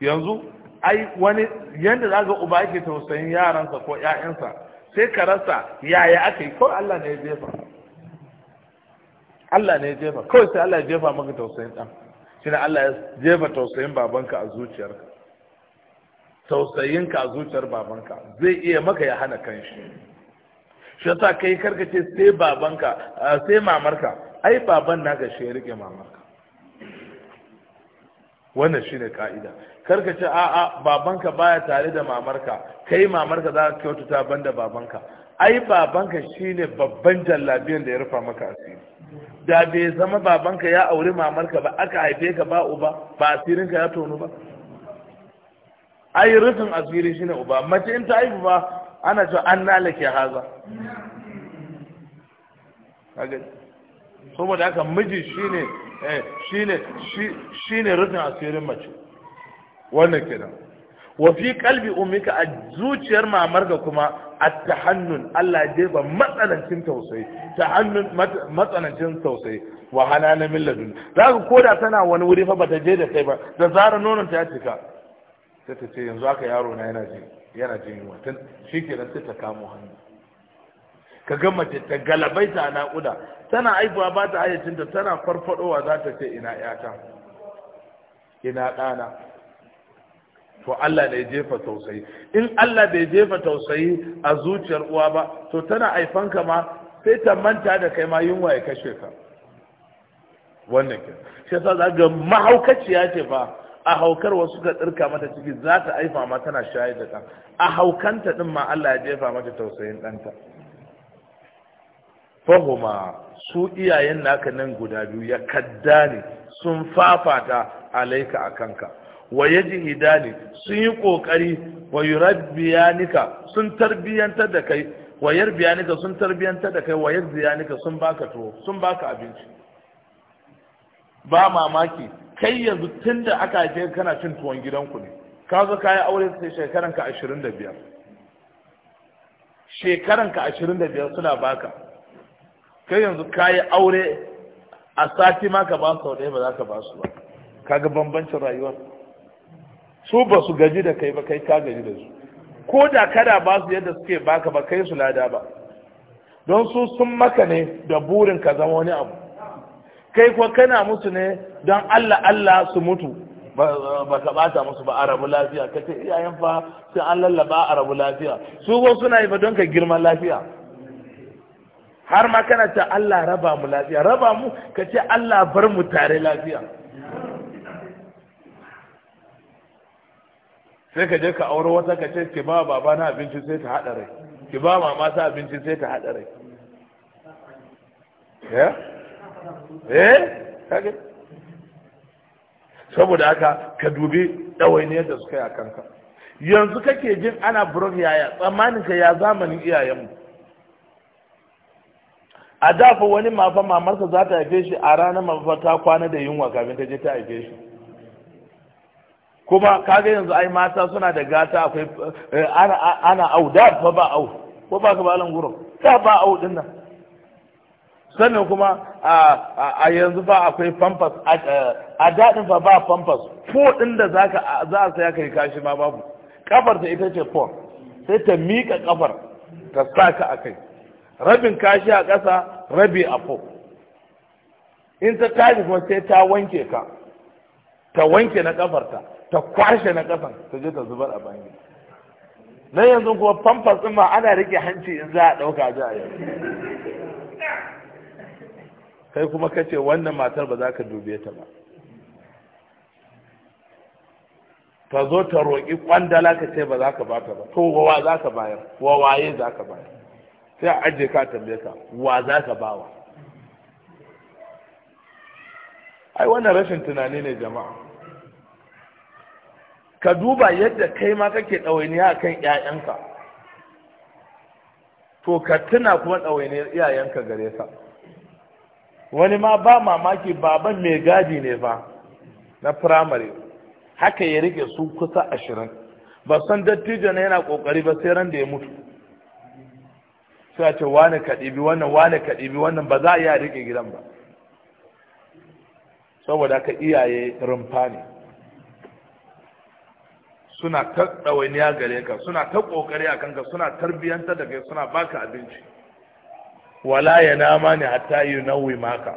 yanzu ai wani yanda za ga uba yake tausayin yaransa ko ƴaƴansa sai ka rasa yaya aka yi kawai Allah ne ya jefa Allah ne ya jefa kawai sai Allah ya jefa maka tausayin ɗan shine Allah ya jefa tausayin babanka a zuciyarka tausayinka a zuciyar babanka zai iya maka ya hana kanshi shi yasa kai karkace sai babanka sai mamarka ai baban naka shi ya rike mamarka wannan shine ka'ida kar ka ce a'a babanka baya tare da mamarka kai mamarka za ka kyautata banda babanka ai babanka shine babban jallabiyan da ya rufa maka asiri da bai zama babanka ya auri mamarka ba aka haife ka ba uba ba asirinka ya tonu ba ai rufin asiri shine uba mace in ta haifu ba ana cewa an ke haza saboda haka miji shine Eh, shi ne rufin asirin mace wannan kenan wa fi kalbi umika a zuciyar mamarka kuma a ta hannun Allah ya ba matsanancin tausayi ta hannun matsanancin tausayi wa hanana milladun za zaka koda tana wani wuri fa bata je da kai ba da zara nonon ta ya cika sai ta ce yanzu aka yaro na yana jin yana jin yunwa tun shikenan sai ta kamo hannu ka ga mace ta galabaita a naƙuda tana aifuwa ba ta hayyacinta tana farfadowa za ta ce ina yata ina ɗana to Allah ne jefa tausayi in Allah bai jefa tausayi a zuciyar uwa ba to tana haifanka ma sai ta manta da kai ma yunwa ya kashe ka wannan ke shi yasa za ga mahaukaciya ce fa a haukar wasu ka tsirka mata ciki za ta haifa ma tana shayar da ɗan a haukanta ɗin ma Allah ya jefa mata tausayin ɗanta fahuma su iyayen naka nan guda biyu ya kadda ne sun fafata alaika a kanka wa ya ne sun yi ƙoƙari wa yurabbiyanika sun tarbiyantar da kai wa yarbiyanika sun tarbiyantar da kai wa yarbiyanika sun baka tuwo sun baka abinci ba mamaki kai yanzu tun da aka haife kana cin tuwon gidanku ne ka zo ka yi aure sai shekaranka ashirin da biyar shekaranka ashirin da biyar suna baka kai yanzu kayi aure a sati ma ka ba su sau ɗaya ba za ka ba su ba kaga bambancin rayuwar su ba su gaji da kai ba kai ka gaji da su ko da kada ba su yadda suke baka ba kai su lada ba don su sun maka ne da burin ka zama wani abu kai kuwa kana musu ne don Allah Allah su mutu ba ka bata musu ba arabu lafiya ka ce iyayen fa sai an lallaba a rabu lafiya su ko suna yi ba don ka girman lafiya har ma kana ce Allah raba mu lafiya raba mu ka ce Allah bar mu tare lafiya sai ka je ka auro wata ka ce ki ba baba na abinci sai ta haɗa rai ki ba mama ta abinci sai ta haɗa rai eh? eh kage saboda haka ka dubi ɗawainiyar da suka yi a kanka yanzu kake jin ana burok yaya tsammanin ka ya zamanin iyayenmu a dafa wani mafa mamarsa za ta haife shi a ranar mafa ta kwana da yunwa kafin ta je ta haife shi kuma kaga yanzu ai mata suna da gata akwai eh, ana au da fa ba au ko ba ka ba alan da ba au din nan sannan kuma a yanzu fa akwai pampas a daɗin fa ba pampas ko ɗin da za a saya kai kashi ma babu kafar ta ita ce pon sai ta miƙa kafar ta sa ka a kai rabin kashi a ƙasa rabi a fo in ta tashi kuma sai ta wanke ka ta wanke na kafarta ta kwashe na ƙasan ta je ta zubar a bangi, nan yanzu kuma famfas ɗin ma ana rike hanci in za a ɗauka ji a yanzu, kai kuma ka ce wannan matar ba za ka dube ta ba ta zo ta roƙi ƙwandala ka ce ba za ka ba ta ba to wawa za ka bayar wawaye za ka bayar sai a ajiye ka tambaye ka wa za ka bawa ai wannan rashin tunani ne jama'a ka duba yadda kai ma kake ɗawainiya a kan ƴaƴanka to ka tuna kuma ɗawainiyar iyayenka gare ka wani ma ba mamaki baban mai gadi ne ba na firamare haka ya rike su kusa ashirin ba san dattijo na yana ƙoƙari ba sai ran da ya mutu sai ce wani ka ɗibi wannan wani ka ɗibi wannan ba za a iya riƙe gidan ba saboda ka iyaye rumfa ne suna ta ɗawainiya gare ka suna ta ƙoƙari a kanka suna tarbiyyantar da kai suna baka abinci wala ya nama ne hatta yi nauyi maka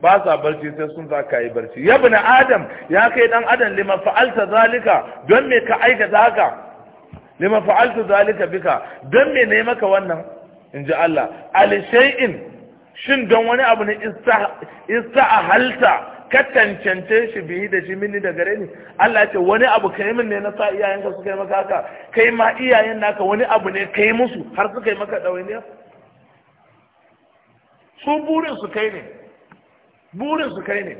ba sa barci sai sun za ka yi barci ya na adam ya kai dan adam lima fa'alta zalika don me ka aikata haka lima fa'alta zalika bika don me ne maka wannan in ji Allah alishai'in shin don wani abu ne isa a halta ka cancance shi bihi da shi mini da gare ni Allah ce wani abu ka yi min ne na sa iyayenka suka yi maka haka kai ma iyayen naka wani abu ne ka yi musu har suka yi maka ɗawainiya su burin su kai ne burin su kai ne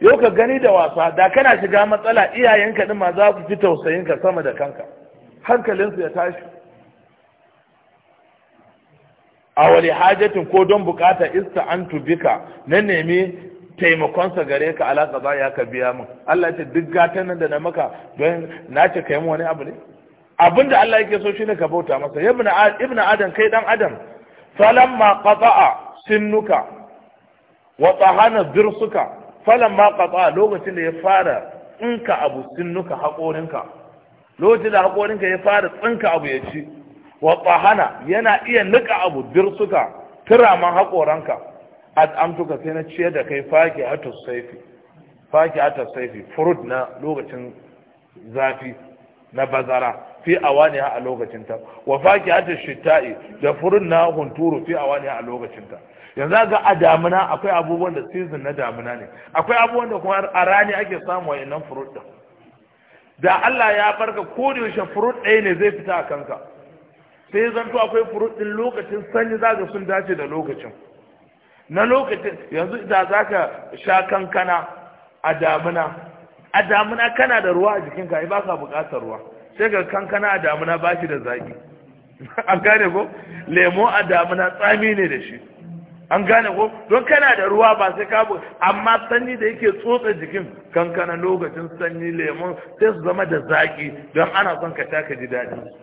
yau ka gani da wasa da kana shiga matsala iyayenka din ma za fi tausayin ka sama da kanka hankalinsu ya tashi a hajatin ko don bukata ista an tubika na nemi taimakonsa gare ka alaƙa ya ka biya min Allah ce duk gatan nan da na maka don na ce ka yi wani abu ne abinda Allah yake so shine ka bauta masa Ibn adam kai dan adam falamma qata'a sinnuka wa tahana dirsuka falamma qata'a lokacin da ya fara tsinka abu sinnuka haƙorinka lokacin da haƙorinka ya fara tsinka abu ya ci wa tsahana yana iya nika abu dirsuka turaman haƙoranka amtuka sai na ciyar da kai faki atus saifi faki atus saifi furud na lokacin zafi na bazara fi awani a lokacin ta wa faki atus shita'i da furud na hunturu fi awani a lokacin ta yanzu ga a damina akwai abubuwan da season na damina ne akwai abubuwan da kuma a rani ake samu wa'annan furud din da Allah ya barka ko da yaushe furut ɗaya ne zai fita a kanka sai zanto akwai furut din lokacin sanyi zaga sun dace da lokacin na lokacin yanzu da zaka sha kankana a damuna a damuna kana da ruwa a jikinka ai baka buƙatar ruwa sai ga kankana a damuna ba shi da zaki *laughs* an gane ko lemo a damuna tsami ne da shi an gane ko don kana da ruwa ba sai ka amma sanyi da yake tsotsa jikin kankana lokacin sanyi lemon sai su zama da zaki don ana son ka sha ka ji daɗi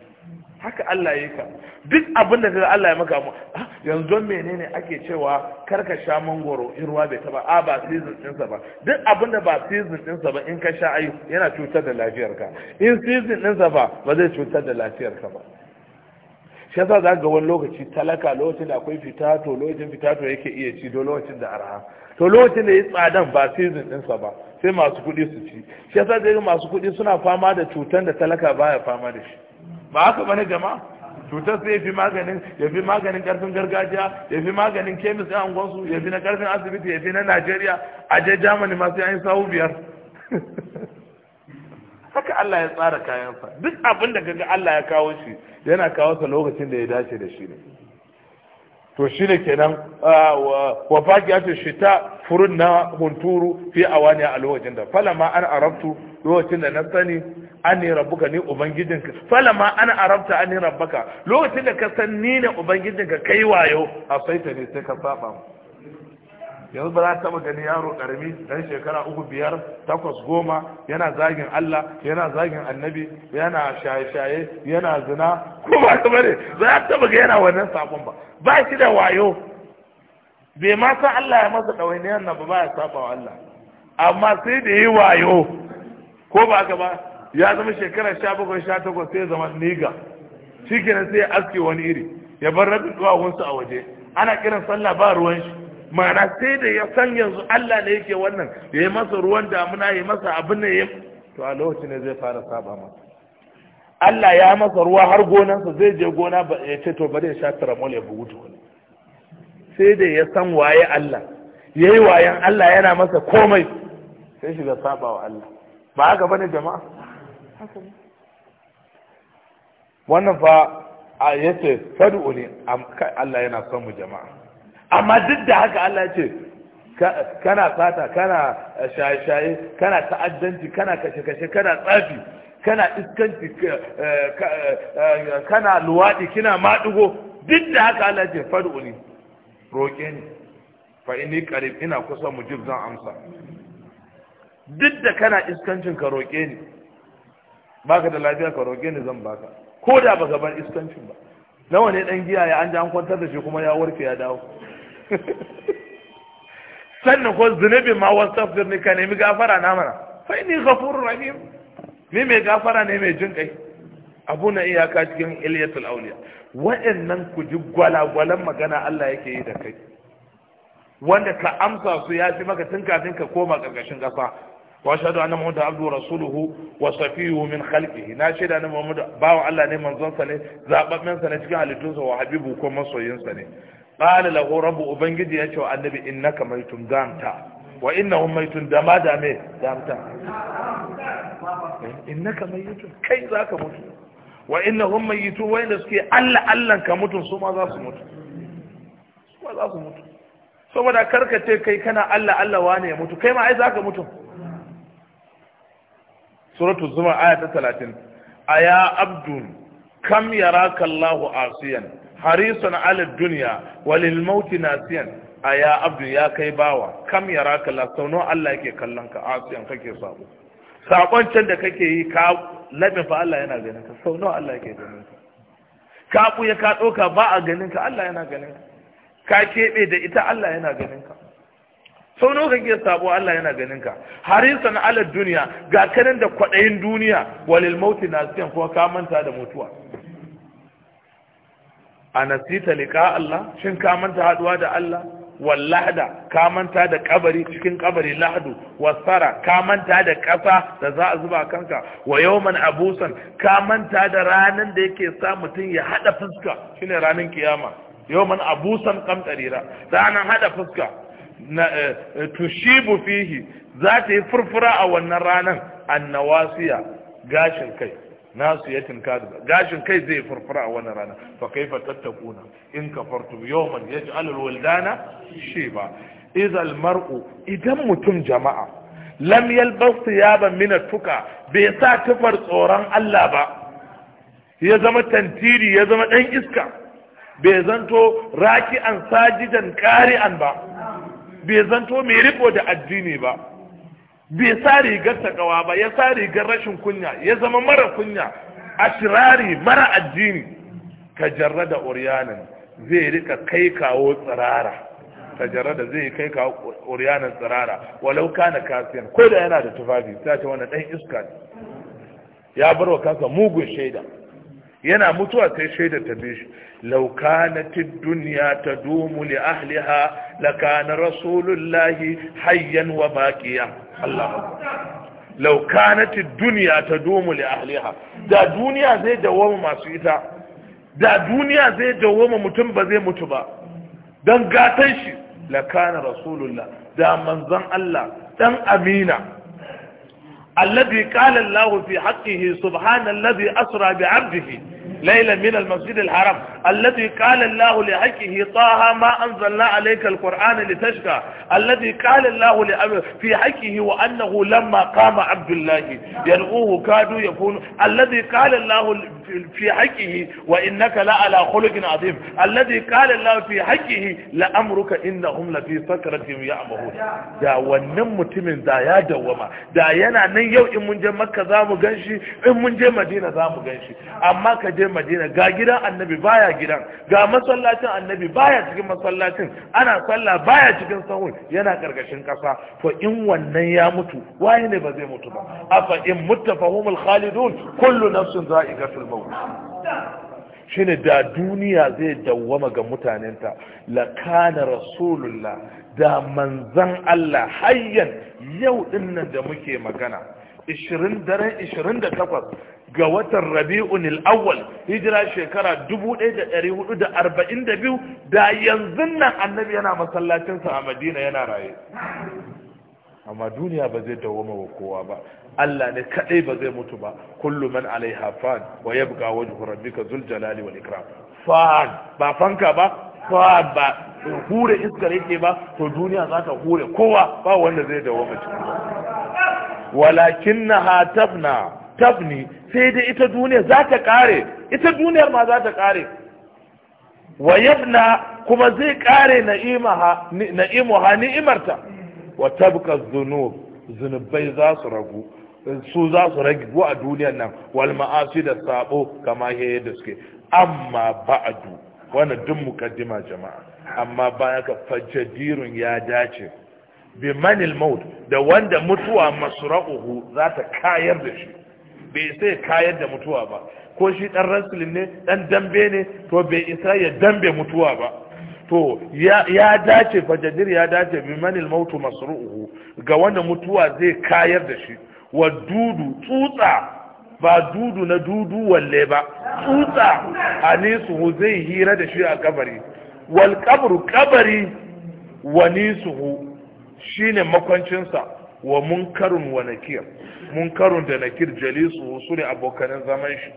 haka Allah ya ka duk abin da kaga Allah ya maka mu ah, yanzu menene ake cewa karka sha mangoro in ruwa bai taba a ah, ba season din sa ba duk abin da ba season din sa ba in ka sha ayu yana cutar da lafiyarka in season din sa ba ba zai cutar da lafiyarka ba shi yasa za ga wani lokaci talaka lokacin da akwai fitato lokacin fitato yake iya ci do lokacin da arha to lokacin da ya tsadan ba season din sa ba sai masu kuɗi su ci shi yasa ga masu kuɗi suna fama da cutar da talaka baya fama da shi ba haka bane jama'a cutar sai fi maganin ya fi maganin karfin gargajiya ya fi maganin kemis ɗin angonsu ya fi na karfin asibiti ya fi na najeriya a je germany ma sai sawu biyar *laughs* haka allah ya tsara kayansa duk abin da kaga allah ya kawo shi yana kawo sa lokacin da ya dace da shi ne to shi ne kenan wa shi shita furun na hunturu fi awaniya a lokacin da falama an arabtu lokacin da na sani ani rabbuka ni ubangijinka falama ana arabta ani rabbaka lokacin da ka san ni ne ubangijinka kai wayo a saita ne sai ka saba mu yanzu ba za ta taba gani yaro karami dan shekara uku biyar takwas goma yana zagin Allah yana zagin annabi yana shaye-shaye yana zina ko ba ta bane za ta taba ga yana wannan sakon ba ba shi da wayo bai ma san Allah ya masa ɗawainiyar nan ba ba ya saba wa Allah amma sai da yi wayo ko ba ka ba ya zama shekara sha bakwai sha takwas sai zama niga shi kenan sai ya aske wani iri ya bar rabin duwawunsa a waje ana kiran sallah ba ruwan shi ma'ana sai da ya san yanzu Allah ne yake wannan ya yi masa ruwan damuna ya masa abin da ya to a lokacin ne zai fara saba masa Allah ya masa ruwa har gonansa zai je gona ba ya ce to bari ya sha taramol ya bugu tukuni sai da ya san waye Allah ya yi wayan Allah yana masa komai sai shiga saba wa Allah ba haka bane jama'a wannan fa a yace sadu ne Allah yana son mu jama'a amma duk da haka Allah yace ce kana fata kana shaye-shaye kana ta'addanci kana kashe-kashe kana tsafi kana iskanci eh, eh, kana luwaɗi kina maɗigo duk da haka Allah ce fadu ne roƙe ni fa ini qarib ina kusa mujib zan amsa duk da kana iskancin ka roƙe ni baka da lafiya ka roƙe ni zan baka ko da ka bar iskancin ba nawa ne dan giya ya an ji an kwantar da shi kuma ya warke ya dawo *laughs* sannan ko zunubin ma wastafir ne, ka nemi gafara na mana fa inni ghafurur rahim ni mai gafara ne mai jin kai abu na iyaka cikin iliyatul auliya Waɗannan ku ji gwalagwalan magana Allah yake yi da kai wanda ka amsa su ya fi maka tun kafin ka koma ƙarƙashin ƙasa واشهد ان محمد عبده ورسوله وصفيه من خلقه نا شهد ان محمد باو الله ne manzon sa ne zababben sa ne cikin halittun sa wa habibu ko masoyin sa ne qala lahu rabbu ubangiji yace wa annabi innaka maitun damta wa innahum maitun dama dame me damta eh, innaka maitun kai zaka mutu wa innahum maitun wa inda suke Allah Allah ka mutu su ma za su mutu su ma za su mutu saboda karkace kai kana Allah Allah wane ya mutu kai ma ai zaka mutu suratul zuma aya ta 30 aya abdun kam yaraka Allahu asiyan harisan ala dunya walil maut nasiyan aya abdun ya kai bawa kam yaraka Allah sau nawa Allah yake kallon ka asiyan kake sabo sakon can da kake yi ka labe fa Allah yana ganin ka sau nawa Allah yake ganin ka ka buya ka doka ba a ganin ka Allah yana ganin ka ka kebe da ita Allah yana ganin ka sau nawa kake sabo Allah yana ganin ka harisan ala duniya ga kanin da kwaɗayin duniya walil mauti siyan kuma ka manta da mutuwa a nasita lika Allah shin ka manta haduwa da Allah wallahda ka manta da kabari cikin kabari lahadu wasara ka manta da ƙasa da za a zuba kanka wa yawman abusan ka manta da ranan da yake sa mutum ya hada fuska shine ranan kiyama yawman abusan kamtarira ranan hada fuska Eh, eh, tushibu fihi za ta yi furfura a wannan ranar annawasiya gashin kai nasu ya tinka gashin kai zai furfura a wannan rana fa kaifa tattakuna in kafartum yawman yaj'al al-waldana shiba idza al-mar'u idan mutum jama'a lam yalbas thiyaban min tuka bai sa tufar tsoron Allah ba ya zama tantiri ya zama dan iska bai zanto raki'an sajidan qari'an ba bai zanto mai riko da addini ba bai sa rigar takawa ba ya sa rigar rashin kunya ya zama mara kunya atirari, mara addini ka da oriyanin zai rika kai kawo tsirara jarra da zai kai kawo oriyanin tsirara walau kana kasiyan ko da yana da tufafi ta ce dan iska ya bar wa kasa mugun shaida yana mutuwa sai shaida ta bi shi law kanat ad-dunya tadumu li ahliha lakana rasulullahi hayyan wa baqiya Allah law kanat ad-dunya tadumu li ahliha da duniya zai dawoma masu ita da duniya zai dawoma mutum ba zai mutu ba Don gatan shi lakana rasulullah da manzan Allah dan amina الذي قال الله في حقه سبحان الذي أسرى بعبده ليلا من المسجد الحرام الذي قال الله لحقه طه ما أنزلنا عليك القرآن لتشكى الذي قال الله في حقه وأنه لما قام عبد الله يدعوه كادوا يكون الذي قال الله في حقه وإنك لعلى خلق عظيم الذي قال الله في حقه لأمرك إنهم لفي سكرتهم يعمهون da wannan mutumin da ya dawwama da yana nan yau in mun je makka za mu ganshi in mun je madina za mu ganshi amma ka je madina ga gidan annabi baya gidan ga masallacin annabi baya cikin masallacin ana salla baya cikin sahun yana karkashin kasa fa in wannan ya mutu waye ne ba zai mutu ba afa in mutta fahumul khalidun kullu nafsin za'iqatul maut shine da duniya zai dawwama ga mutanenta la kana rasulullah da manzan Allah hayyan yau dinnan da muke magana 20 daren 28 ga watan rabi'un al hijira shekara 1442 da yanzu nan annabi yana masallacin sa a Madina yana raye amma duniya ba zai dawoma wa kowa ba Allah ne kadai ba zai mutu ba kullu man alaiha fan wa yabqa wajhu rabbika zul jalali wal ikram fan ba fanka ba fan ba hure iskar yake ba to duniya za ta hure kowa ba wanda zai dawo dawoma cikin ha tabna tabni sai dai ita duniya za ta kare ita duniyar ma za ta kare wa yabna kuma zai kare na'imaha na'imuha ni'imarta wa tabqa dhunub zunubai za su ragu su za su rage a duniyar nan wal ma'asi da sabo kama yayin da suke amma ba'du wannan duk mukaddima jama'a amma bayan ka fajadirun ya dace bi manil maut da wanda mutuwa masra'uhu za ta kayar da shi bai sai kayar da mutuwa ba ko shi dan rasulin ne dan dambe ne to bai isa ya dambe mutuwa ba to ya dace fajadir ya dace bi manil mautu masru'uhu ga wanda mutuwa zai kayar da shi wa dudu tsutsa ba dudu na dudu walle ba tsutsa anisuhu zai hira da shi a kabari wal kabru kabari wanisuhu shine makwancinsa wa munkarun wa nakir munkarun da nakir jalisu su ne abokanan zaman shi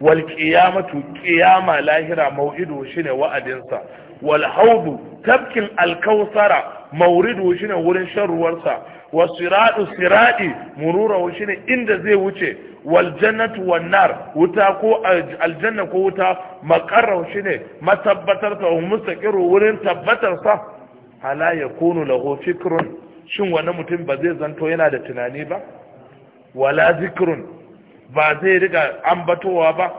wal qiyamatu qiyama lahira mau'idu shine wa'adinsa wal haudu tabkin alkausara mauridu shine wurin shan ruwarsa wa siradu siradi murura shine inda zai wuce wal jannatu wan nar wuta ko aljanna ko wuta maqarra shine matabbatar ta mustaqiru wurin tabbatar sa ala yakunu lahu fikrun shin wani mutum ba zai zanto yana da tunani ba wala zikrun ba zai riga ambatowa ba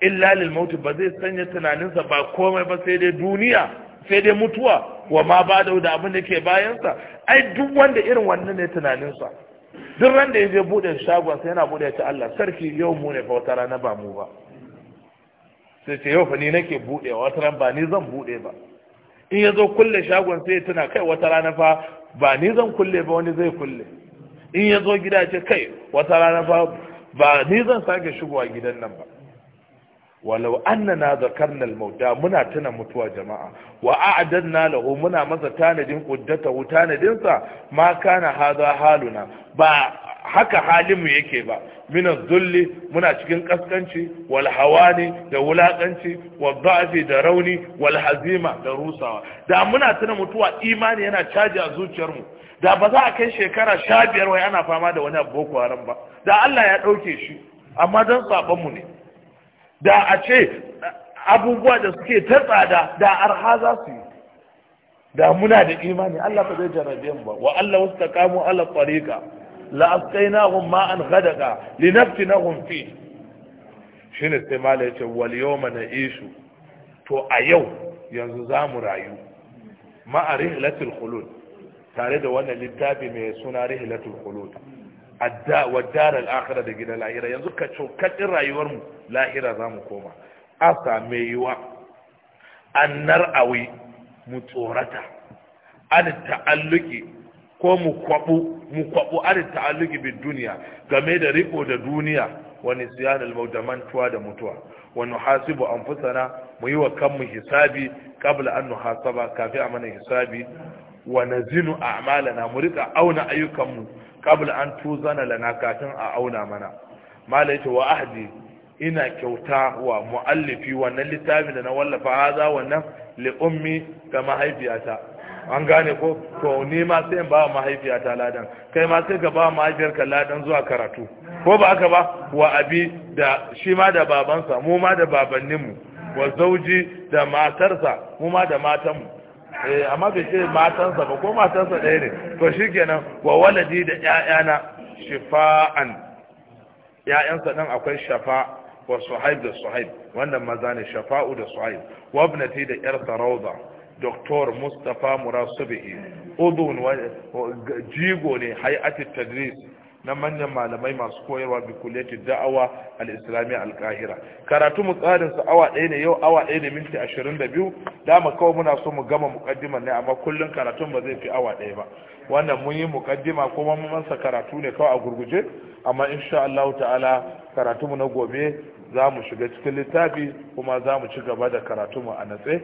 illa lil maut ba zai sanya tunaninsa ba komai ba sai dai duniya sai dai mutuwa wa ma ba da abin da ke bayansa ai duk wanda irin wannan ne tunaninsa duk ran da ya je buɗe shagon sai yana bude ta Allah sarki yau mu ne fa wata rana ba mu ba sai ce yau fa ni nake wata rana ba ni zan buɗe ba in ya zo kulle shagon sai tana kai wata rana fa ba ni zan kulle ba wani zai kulle in ya zo gida ce kai wata rana ba ni zan sake shigowa gidan nan ba walau na zakarna al-mauta muna tuna mutuwa jama'a wa a'adanna lahu muna masa tanadin quddata tanadin sa ma kana hadha haluna ba haka mu yake ba min zulli muna cikin kaskanci wal hawani da wulakanci wal da'fi da rauni wal hazima da rusawa da muna tuna mutuwa imani yana caji a zuciyarmu da ba za a kai shekara sha 15 wai ana fama da wani abu haram ba da Allah ya dauke shi amma dan sabon mu ne da a ce abubuwa da suke ta tsada da arha za su yi da muna da imani Allah ba zai jarabe mu ba wa Allah wastaqamu ala tariqa la asqainahum ma'an ghadaqa linaftinahum fi shine sai mala yace wal yawma na'ishu to a yau yanzu za mu rayu ma'a rihlatul khulud tare da wannan littafi mai suna rihlatul khulud adda wa daral akhirah da gidan lahira yanzu ka cokacin rayuwar mu lahira zamu koma asa me annar awi mu tsorata an ta'alluki ko mu kwabu mu kwabu ta'alluki bi duniya game da riko da duniya wa nisyan al da mantuwa da mutuwa wa nuhasibu anfusana mu yi wa kanmu hisabi qabla an nuhasaba kafi a mana hisabi wa nazinu a'malana mu rika auna ayyukanmu kabul an tuzana lana kafin a auna mana malai ta wa ahdi ina kyauta wa muallifi wannan littafin da na wallafa haza wannan li ummi ga mahaifiyata an gane ko to ni ma sai in ba mahaifiyata ladan kai ma sai ka ba mahaifiyarka ladan zuwa karatu ko ba aka ba wa abi da shi ma da babansa mu ma da babanninmu wa zauji da matarsa mu ma da matanmu Eh, amma bai ce matansa ba ko matansa ɗaya ne to shi kenan wa waladi da 'ya'yana shifa'an 'ya'yansa dan akwai shafa wa suhaib da suhaib wannan maza ne shafa'u da suhaib wabnati da 'yarsa rauza doktor mustapha murasubihi udun jigo ne hay'atit tadris na manyan malamai masu koyarwa bi kulliyati da'awa al-islamiyya al-qahira karatu mu tsarin su awa 1 ne yau awa 1 da minti ashirin da 22 dama kawai muna so mu gama mukaddima ne amma kullum karatun ba zai fi awa 1 ba wannan mun yi mukaddima kuma mun masa karatu ne kawai a gurguje amma insha Allah ta'ala karatu mu na gobe za mu shiga cikin littafi kuma za mu ci gaba da karatu mu a natse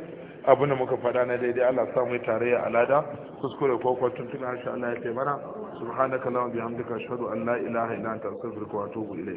abinda muka faɗa na daidai Allah sa mu tarayya alada kuskure ko ko tuntuna insha Allah ya taimana subhanaka allahumma bihamdika ashhadu an la ilaha illa anta astaghfiruka wa atubu ilayk